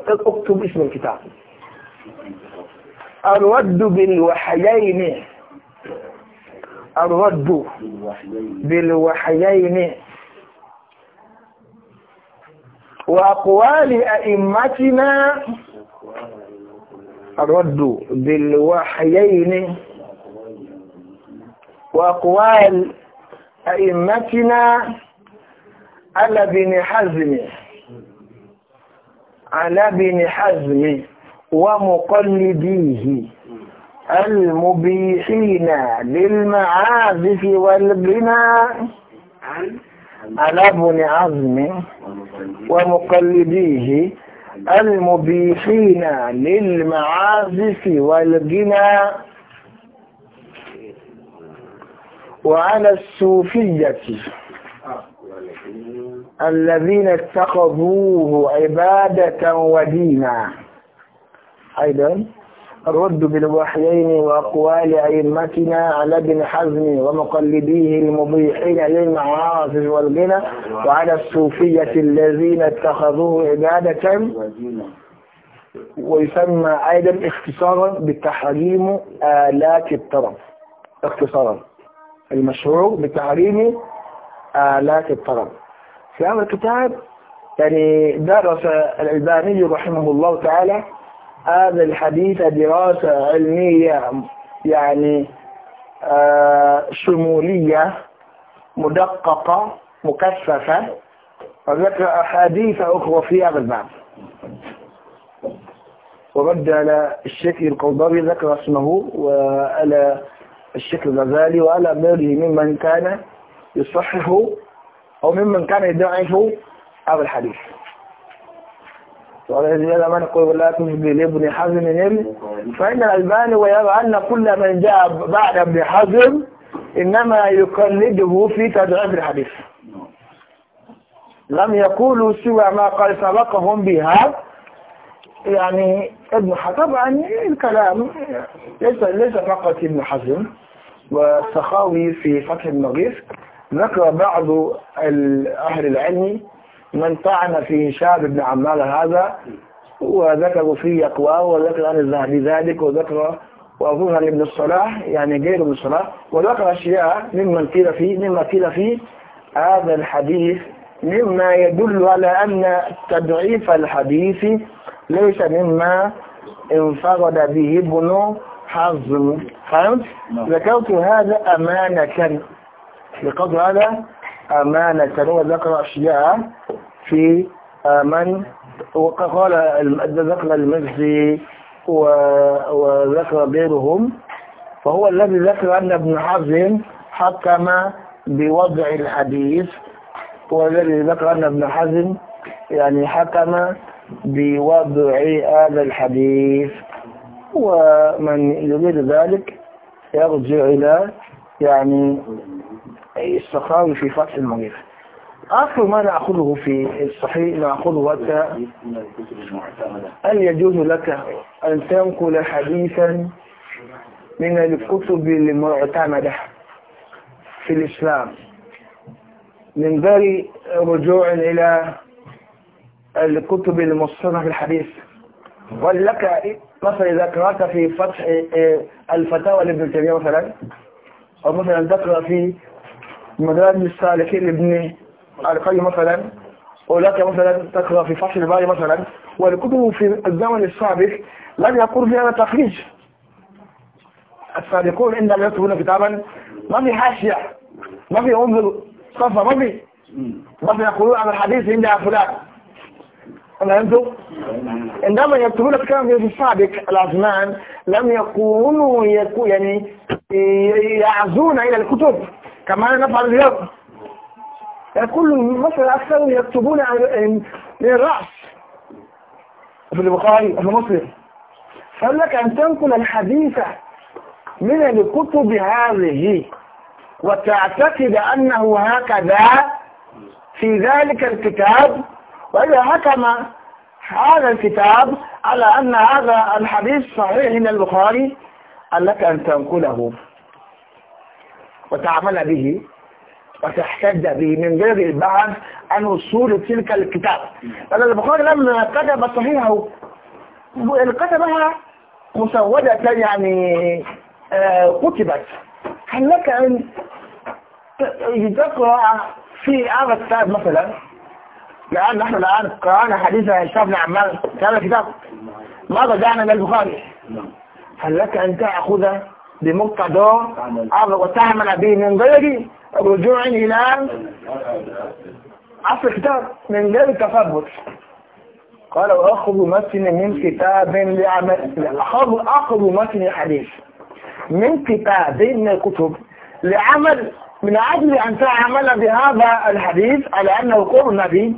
Speaker 1: اكتب اسم الكتاب الرد بالوحيين الرد بالوحيين وأقوال أئمتنا الرد بالوحيين وأقوال أئمتنا على بن حزم على بن حزم ومقلديه المبيحين للمعازف والبناء على بن عزم ومقلديه المبيحين للمعازف والغنى وعلى الصوفية الذين اتخذوه عبادة ودينا أيضا الرد بالوحيين وأقوال أئمتنا على ابن حزم ومقلديه المضيحين للمعاصي والغنى وعلى الصوفية الذين اتخذوه عبادة ويسمى أيضا اختصارا بتحريم آلات الطرف اختصارا المشروع بتحريم آلات الطرب في هذا الكتاب يعني درس الألباني رحمه الله تعالى هذا الحديث دراسة علمية يعني آه، شمولية مدققة مكثفة وذكر أحاديث أخرى في هذا الباب ورد على الشيخ القوضري ذكر اسمه وعلى الشيخ الغزالي وعلى غيره ممن كان يصححه أو ممن كان يدعيه أبو الحديث وقال هذا من يقول لا تجبي لابن حزم فإن الألباني ويرى أن كل من جاء بعد ابن حزم إنما يقلده في تضعيف الحديث لم يقولوا سوى ما قال سبقهم بها يعني ابن حزم طبعا يعني الكلام ليس ليس فقط ابن حزم والسخاوي في فتح المغيث ذكر بعض أهل العلم من طعن في شاب بن عمار هذا وذكروا فيه أقواه وذكر عن الذهبي ذلك وذكر وأظن ابن الصلاح يعني غير ابن الصلاح وذكر أشياء ممن قيل فيه مما قيل فيه هذا الحديث مما يدل على أن تضعيف الحديث ليس مما انفرد به ابن حزم فهمت؟ نعم. ذكرت هذا أمانة لقض هذا أمانة آه، وذكر أشياء في آه، من وقال ذكر المجزي وذكر غيرهم فهو الذي ذكر أن ابن حزم حكم بوضع الحديث والذي ذكر أن ابن حزم يعني حكم بوضع هذا الحديث ومن يريد ذلك يرجع إلى يعني السخاوي في فتح المغيرة آخر ما نأخذه في الصحيح نأخذه أتى أن يجوز لك أن تنقل حديثا من الكتب المعتمدة في الإسلام من غير رجوع إلى الكتب المصنفة في الحديث ولك مثلا إذا قرأت في فتح آه، الفتاوى لابن تيمية مثلا أو مثلا تقرأ في مثلا السالكين لابن القيم مثلا ولك مثلا تقرأ في فصل الباري مثلا والكتب في الزمن السابق لم يكون فيها تخريج السالكون عندما يكتبون كتابا ما في حاشية ما في انظر صفة ما في ما في يقولون عن الحديث عند فلان فهمتوا؟ عندما يكتبون كتابا في السابق الأزمان لم يكونوا يكو يعني يعزون إلى الكتب كما نفعل اليوم كل مصر أكثر يكتبون عن الرأس في البخاري في مسلم قال لك أن تنقل الحديث من الكتب هذه وتعتقد أنه هكذا في ذلك الكتاب وإذا حكم هذا الكتاب على أن هذا الحديث صحيح من البخاري قال لك أن تنقله وتعمل به وتحتج به من غير البعد عن وصول تلك الكتاب لأن البخاري لما كتب صحيحه كتبها مسودة يعني آه، كتبت هل لك أن تقرأ في هذا الكتاب مثلا لأن نحن الآن قرأنا حديث هشام بن عمار هذا الكتاب ماذا دعنا من البخاري نعم. هل لك أن تأخذ بمقتضى وتعمل به من غير رجوع إلى أصل الكتاب من غير تثبت قال وأخذ متن من كتاب لعمل أخذ متن الحديث من كتاب من الكتب لعمل من أجل أن تعمل بهذا الحديث على أنه قول نبي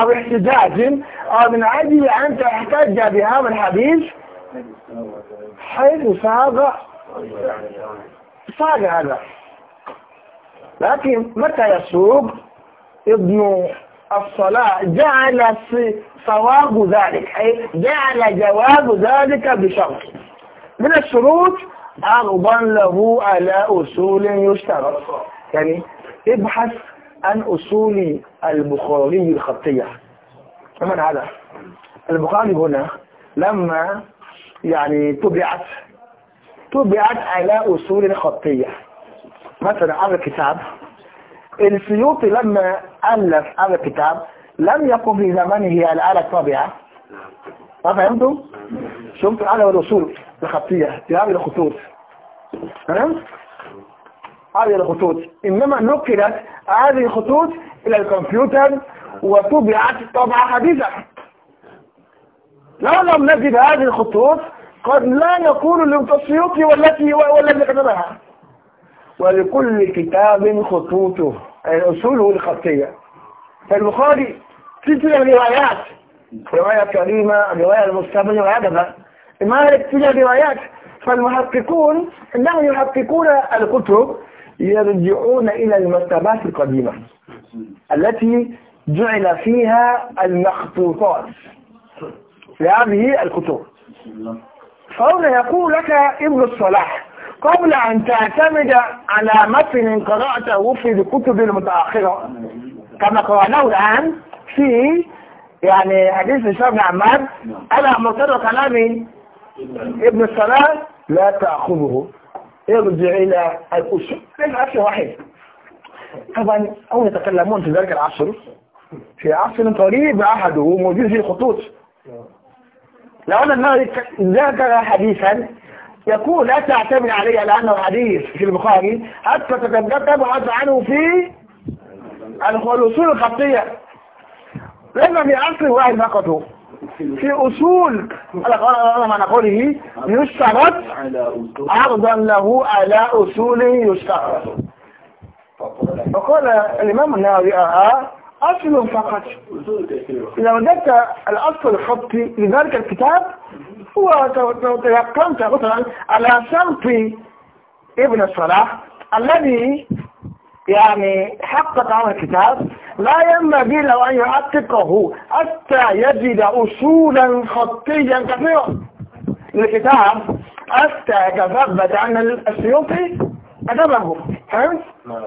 Speaker 1: أو احتجاج أو من أجل أن تحتج بهذا الحديث حيث صاغ صار هذا لكن متى يسوق ابن الصلاة جعل صواب ذلك أي جعل جواب ذلك بشرط من الشروط عرضا له على أصول يشترط يعني ابحث عن أصول البخاري الخطية من هذا البخاري هنا لما يعني طبعت طبعت على أصول خطية مثلا هذا الكتاب السيوطي لما ألف هذا الكتاب لم يقم في زمانه على آلة طابعة ما فهمتم؟ شفتوا على الأصول الخطية في هذه الخطوط فهمت؟ هذه الخطوط إنما نقلت هذه الخطوط إلى الكمبيوتر وطبعت طبعة حديثة لو لم نجد هذه الخطوط قد لا يكون للتصيط والتي والذي كتبها ولكل كتاب خطوطه أي أصوله الخطية فالبخاري كتير روايات رواية كريمة رواية المستمر وهكذا ما كتير روايات فالمحققون انهم يحققون الكتب يرجعون إلى المكتبات القديمة التي جعل فيها المخطوطات لهذه الكتب فهنا يقول لك ابن الصلاح قبل أن تعتمد على متن قرأته في الكتب المتأخرة كما قرأناه الآن في يعني حديث الشاب بن عمار أنا مقتضى كلام ابن الصلاح لا تأخذه ارجع إلى الأصول للأصل واحد طبعا هم يتكلمون في ذلك العصر في عصر قريب أحده موجود في خطوط لو أن ذكر حديثا يقول لا تعتمد عليه لأنه حديث في البخاري حتى تتبعث عنه في الأصول الخطية لما في أصل واحد فقط في أصول ما نقوله يشترط عرضا له على أصول يشترط وقال الإمام النووي آه، آه، أصل فقط لو وجدت الأصل الخطي لذلك الكتاب هو تيقنت مثلا على شرط ابن الصلاح الذي يعني حقق على الكتاب لا ينبغي له أن يعتقه حتى يجد أصولا خطيا كثيرا للكتاب حتى يتثبت أن السيوطي أدبه فهمت؟ نعم.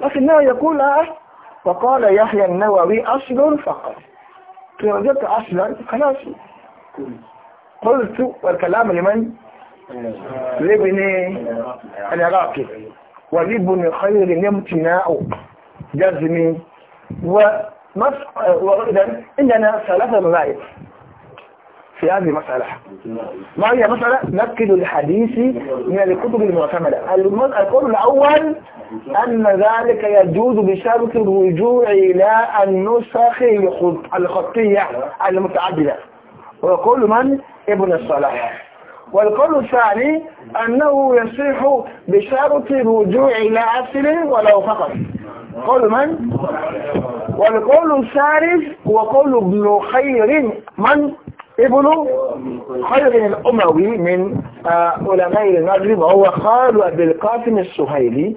Speaker 1: لكنه يقول آه، فقال يحيى النووي أصل فقط وجدت أصلا خلاص قلت والكلام لمن لابن العراقي ولابن خير يمتناع جزمي ومس... وإذا إننا ثلاثة مذاهب في هذه المسألة ما هي مسألة نكد الحديث من الكتب المعتمدة القول الأول أن ذلك يجوز بشرط الرجوع إلى النسخ الخطية المتعددة ويقول من ابن الصلاح والقول الثاني أنه يصيح بشرط الرجوع إلى أصل ولو فقط قول من والقول الثالث هو قول ابن خير من ابن خير الأموي من آه، علماء المغرب وهو خال أبي القاسم السهيلي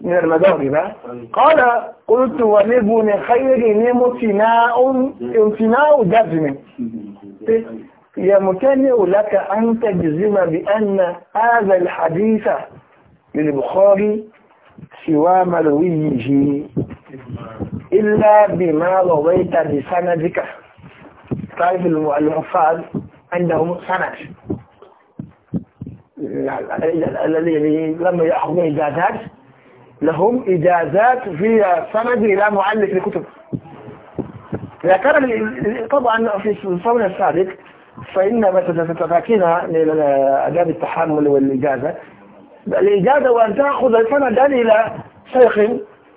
Speaker 2: من المغاربة
Speaker 1: قال قلت ولابن خير امتناء امتناء جزم يمتنع لك أن تجزم بأن هذا الحديث للبخاري سوى مرويه إلا بما رويت بسندك طالب الحفاظ عندهم سند الذي لما يأخذون إجازات لهم إجازات فيها سند إلى معلق الكتب لكن طبعا في الصون السابق فإن مثلا تتفاكينا لأداب التحمل والإجازة الإجازة وأن تأخذ سندا إلى شيخ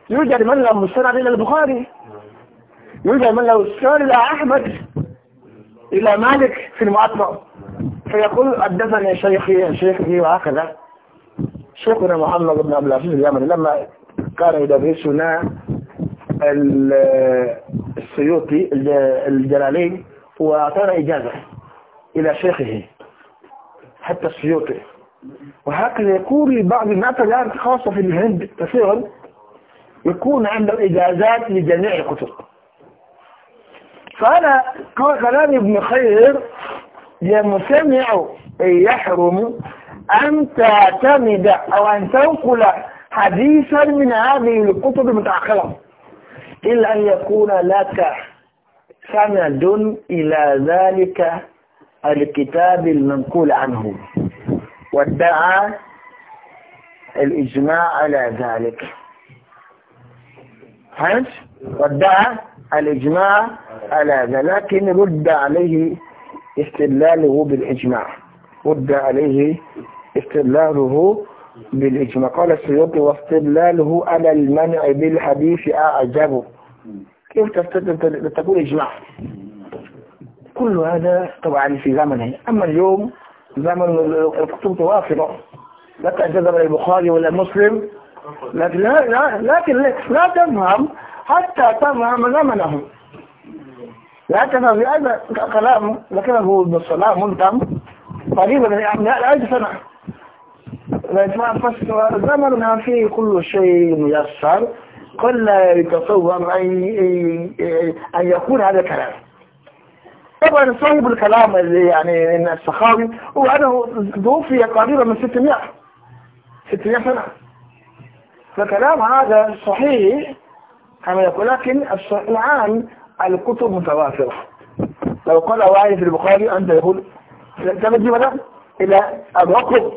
Speaker 1: يوجد من له السند إلى البخاري يوجد من لو اشار الى احمد الى مالك في المعطمة فيقول يا شيخي شيخي وهكذا شيخنا محمد بن عبد العزيز اليمني لما كان يدرسنا السيوطي الجلالي وأعطانا إجازة إلى شيخه حتى السيوطي وهكذا يقول لبعض الناس الآن خاصة في الهند كثيرا يكون عنده إجازات لجميع الكتب فأنا كلام ابن خير يمتنع يحرم أن تعتمد أو أن تنقل حديثا من هذه الكتب المتأخرة إلا أن يكون لك سند إلى ذلك الكتاب المنقول عنه وادعى الإجماع على ذلك فهمت؟ وادعى الإجماع على هذا لكن رد عليه استدلاله بالإجماع رد عليه استدلاله بالإجماع قال السيوطي واستدلاله على المنع بالحديث أعجبه كيف تستدل تقول إجماع كل هذا طبعا في زمنه أما اليوم زمن الكتب توافرة لا تعتذر البخاري ولا مسلم لكن لا لا لكن لا تفهم حتى تم زمنه لكن في هذا كلام ذكره بالصلاة منتم ملتم قريبا يعني ألف سنة فزمننا فيه كل شيء ميسر قل لا يتصور أن يكون هذا الكلام طبعا صاحب الكلام اللي يعني السخاوي هو أنه توفي قريبا من 600 600 سنة فكلام هذا صحيح ولكن العام الكتب متوافرة لو قال واحد في البخاري أنت يقول تمجي ماذا إلى الرقب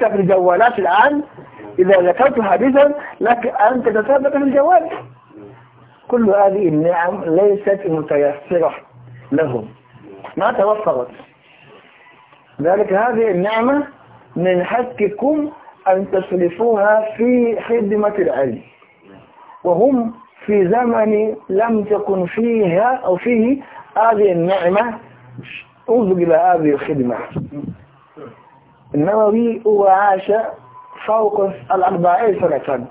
Speaker 1: في الجوالات الآن إذا ذكرت حديثا لك أن تتثبت في الجوال كل هذه النعم ليست متيسرة لهم ما توفرت ذلك هذه النعمة من حقكم أن تصرفوها في خدمة العلم وهم في زمن لم تكن فيها أو فيه هذه النعمة أذقل هذه الخدمة النووي هو عاش فوق الأربعين سنة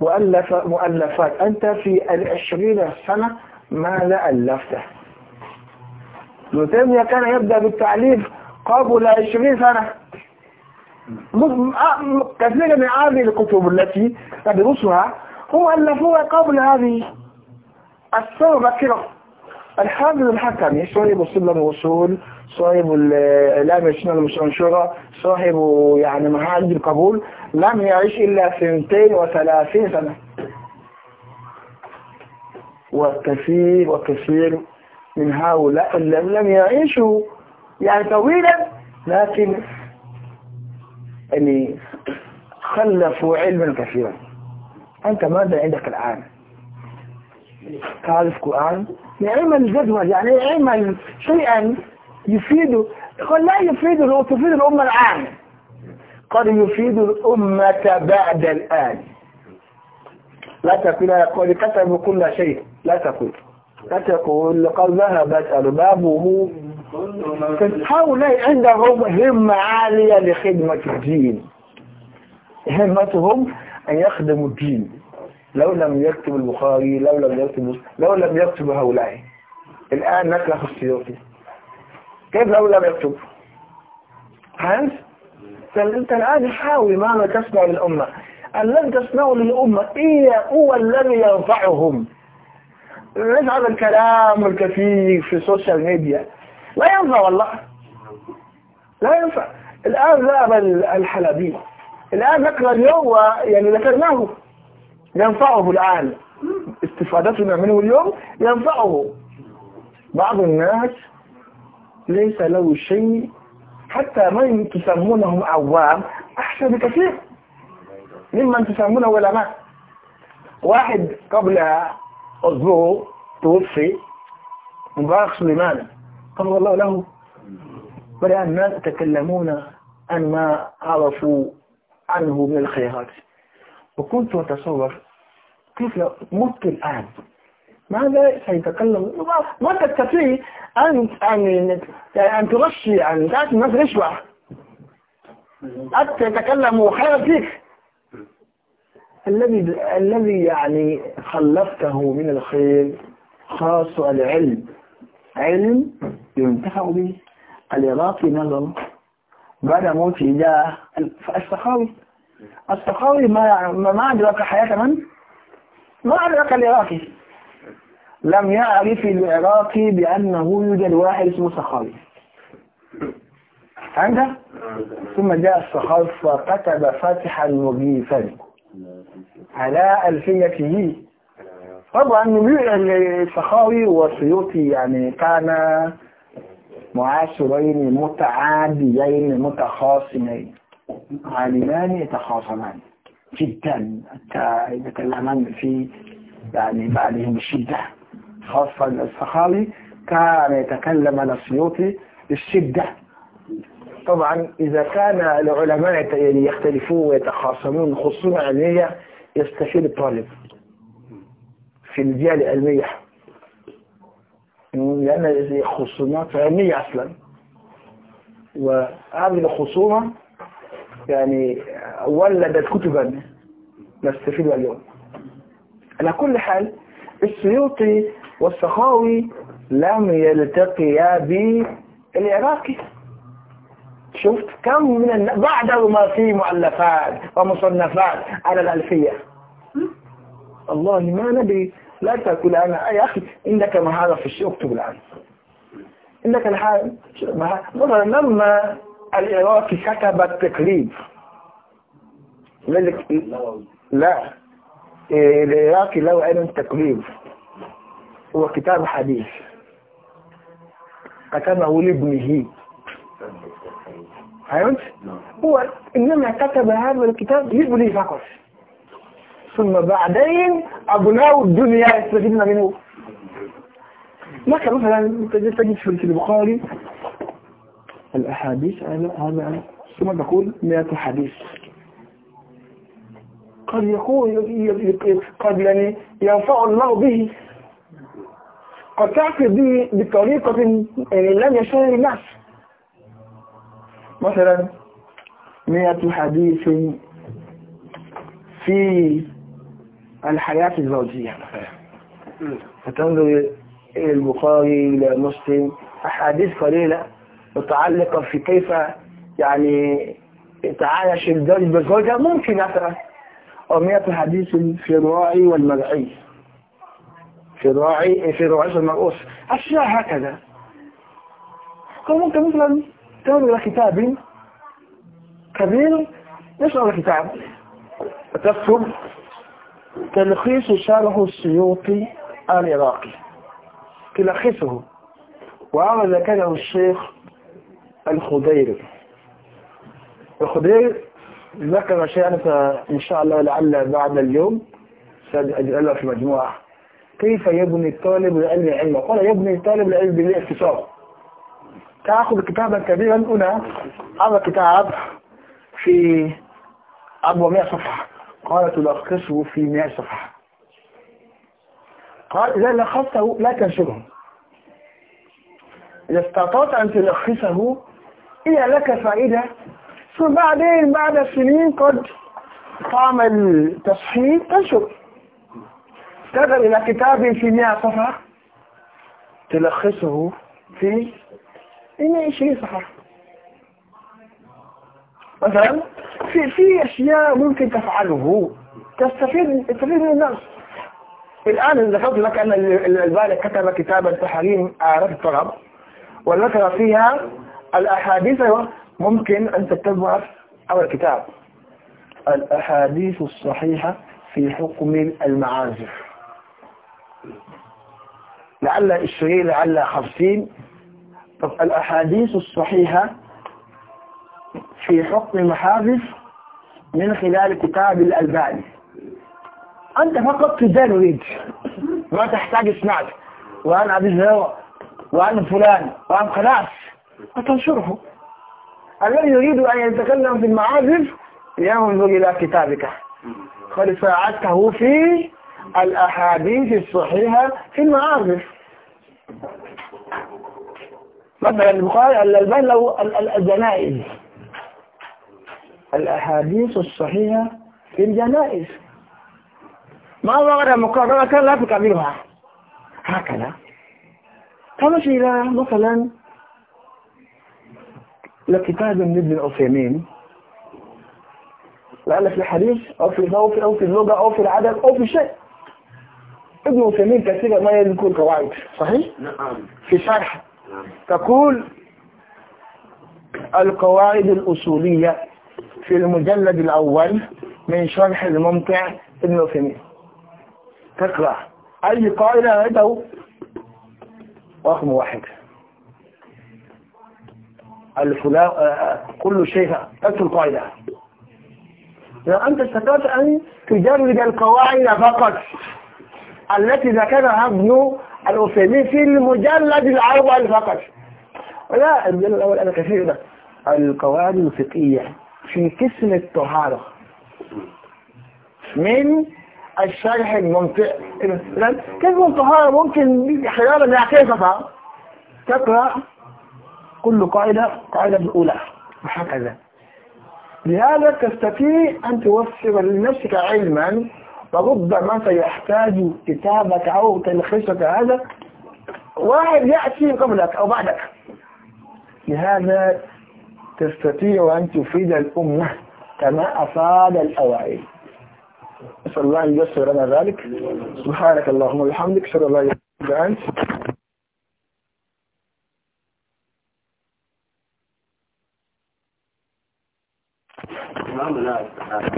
Speaker 1: وألف مؤلفات أنت في العشرين سنة ماذا ألفته ابن تيمية كان يبدأ بالتعليف قبل عشرين سنة آه، كثير من هذه الكتب التي تدرسها هم ألفوها قبل هذه السنة ذكرة الحافظ الحكمي صاحب السلم الوصول صاحب الإعلام السنة المستنشرة صاحب يعني معالج القبول لم يعيش إلا 32 سنة والكثير والكثير من هؤلاء لم يعيشوا يعني طويلا لكن يعني خلفوا علما كثيرا أنت ماذا عندك الآن تعرف قرآن يعمل جدول يعني يعمل شيئا يفيد يقول لا يفيد تفيد الأمة الآن قد يفيد الأمة بعد الآن لا تقول يقول كتبوا كل شيء لا تقول لا تقول لقد ذهبت أربابه هؤلاء عندهم همة عالية لخدمة الدين همتهم أن يخدموا الدين لو لم يكتب البخاري لو لم يكتب لو لم يكتب هؤلاء الآن نكره السيوطي كيف لو لم يكتب فهمت؟ فأنت الآن حاول ماذا تسمع للأمة أن لن تصنعه للأمة إلا هو الذي ينفعهم ليس هذا الكلام الكثير في السوشيال ميديا لا ينفع والله لا ينفع الآن ذهب الحلبي الآن نقرأ اليوم ويعني ذكرناه ينفعه الآن استفادتنا منه اليوم ينفعه بعض الناس ليس له شيء حتى من تسمونهم عوام أحسن بكثير ممن تسمونه علماء واحد قبل أسبوع توفي مبارك سليمان قال الله له بدأ الناس يتكلمون أن ما عرفوا عنه من الخيرات وكنت أتصور كيف لو مت الآن ماذا سيتكلم ما تستطيع أن أن أن تغشي عن ذات الناس رشوة حتى تتكلم خير فيك الذي الذي يعني خلفته من الخير خاص العلم علم ينتفع به الإراقي نظر بعد موته جاء السخاوي السخاوي ما ما أدرك حياة من؟ ما أدرك العراقي لم يعرف العراقي بأنه يوجد واحد اسمه سخاوي عنده ثم جاء السخاوي فكتب فاتحا مجيفا على ألفيته طبعا السخاوي والسيوطي يعني كان معاشرين متعاديين متخاصمين عالمان يتخاصمان جدا حتى يتكلمان في يعني بعدهم الشدة خاصة الصحابي كان يتكلم السيوطي بالشدة طبعا إذا كان العلماء يعني يختلفون ويتخاصمون خصوصا علمية يستفيد الطالب في الجهة العلمية لأن هذه خصومات علمية أصلا وهذه الخصومة يعني ولدت كتبا نستفيدها اليوم على كل حال السيوطي والسخاوي لم يلتقيا بالعراقي شفت كم من الن... بعد ما في مؤلفات ومصنفات على الألفية الله ما ندري لا تقول أنا يا أخي إنك مهارة في الشيء اكتب الآن إنك الحال لما العراقي كتب التقريب لا العراقي له علم التقريب هو كتاب حديث كتبه لابنه فهمت؟ هو إنما كتب هذا الكتاب لابنه فقط ثم بعدين أبناء الدنيا يستفيدون منه لكن مثلا تجد في البخاري الأحاديث على هذا ثم تقول 100 حديث قد يقول قد يعني ينفع الله به قد تعفي به بطريقة يعني لم يشعر الناس مثلا مئة حديث في الحياة الزوجية فتنظر إلى البخاري إلى مسلم أحاديث قليلة متعلقة في كيف يعني تعايش الزوج بالزوجة ممكن مثلا أو مئة حديث في الراعي والمرعي في الراعي في الراعي والمرؤوس أشياء هكذا ممكن مثلا تنظر كتاب كبير نشر الكتاب وتكتب تلخيص شرح السيوطي العراقي تلخيصه وعمل ذكره الشيخ الخديري الخدير ذكر شيئا فإن شاء الله لعل بعد اليوم سأجعله في مجموعة كيف يبني الطالب لعلم العلم قال يبني الطالب لعلم بالاختصار تأخذ كتابا كبيرا هنا هذا كتاب في 400 صفحة قال تلخصه في 100 صفحة قال إذا لخصته لا تنشره إذا استطعت أن تلخصه إذا لك فائدة ثم بعدين بعد سنين قد قام التصحيح تنشر تذهب إلى كتاب في 100 صفحة تلخصه في مئة صفحة مثلا في في أشياء ممكن تفعله تستفيد تستفيد من الناس الآن ذكرت لك أن البارح كتب كتابا تحريم آلاف الطلب وذكر فيها الأحاديث ممكن أن تتبع أول الكتاب الأحاديث الصحيحة في حكم المعازف لعل 20 لعل 50 طب الأحاديث الصحيحة في حكم المحاذف من خلال كتاب الألباني أنت فقط تدرج ما تحتاج اسمعك وأنا عبد الهوى وأنا فلان وأنا خلاص وتنشره الذي يريد أن يتكلم في المعازف ينظر إلى كتابك قد ساعدته في الأحاديث الصحيحة في المعازف مثلا البخاري الألبان له الجنائز الأحاديث الصحيحة في الجنائز ما ورد مقررة كان لا تقبلها هكذا تمشي إلى مثلا لكتاب ابن عثيمين لأن في الحديث أو في الضوء أو في اللغة أو في العدد أو في شيء ابن عثيمين كثيرا ما يذكر قواعد صحيح؟ نعم في شرح
Speaker 2: نعم. تقول
Speaker 1: القواعد الأصولية في المجلد الأول من شرح الممتع ابن عثيمين تقرأ أي قائلة عنده رقم واحد الفلا... آه، آه، كل شيء اكثر القاعدة لو أنت استطعت أن تجرد القواعد فقط التي ذكرها ابن الأثيمين في المجلد الأول فقط ولا المجلد الأول أنا كثير القواعد الفقهية في قسم الطهارة من الشرح الممتع كلمة الطهارة ممكن حيارة نعكسها تقرأ كل قاعدة قاعدة الأولى وهكذا لهذا تستطيع أن توفر لنفسك علما وربما سيحتاج كتابك أو تلخيصك هذا واحد يأتي قبلك أو بعدك لهذا تستطيع أن تفيد الأمة كما أفاد الأوائل نسأل الله أن ييسر لنا ذلك سبحانك اللهم وبحمدك أشهد أن لا إله إلا أنت
Speaker 2: Mama, no.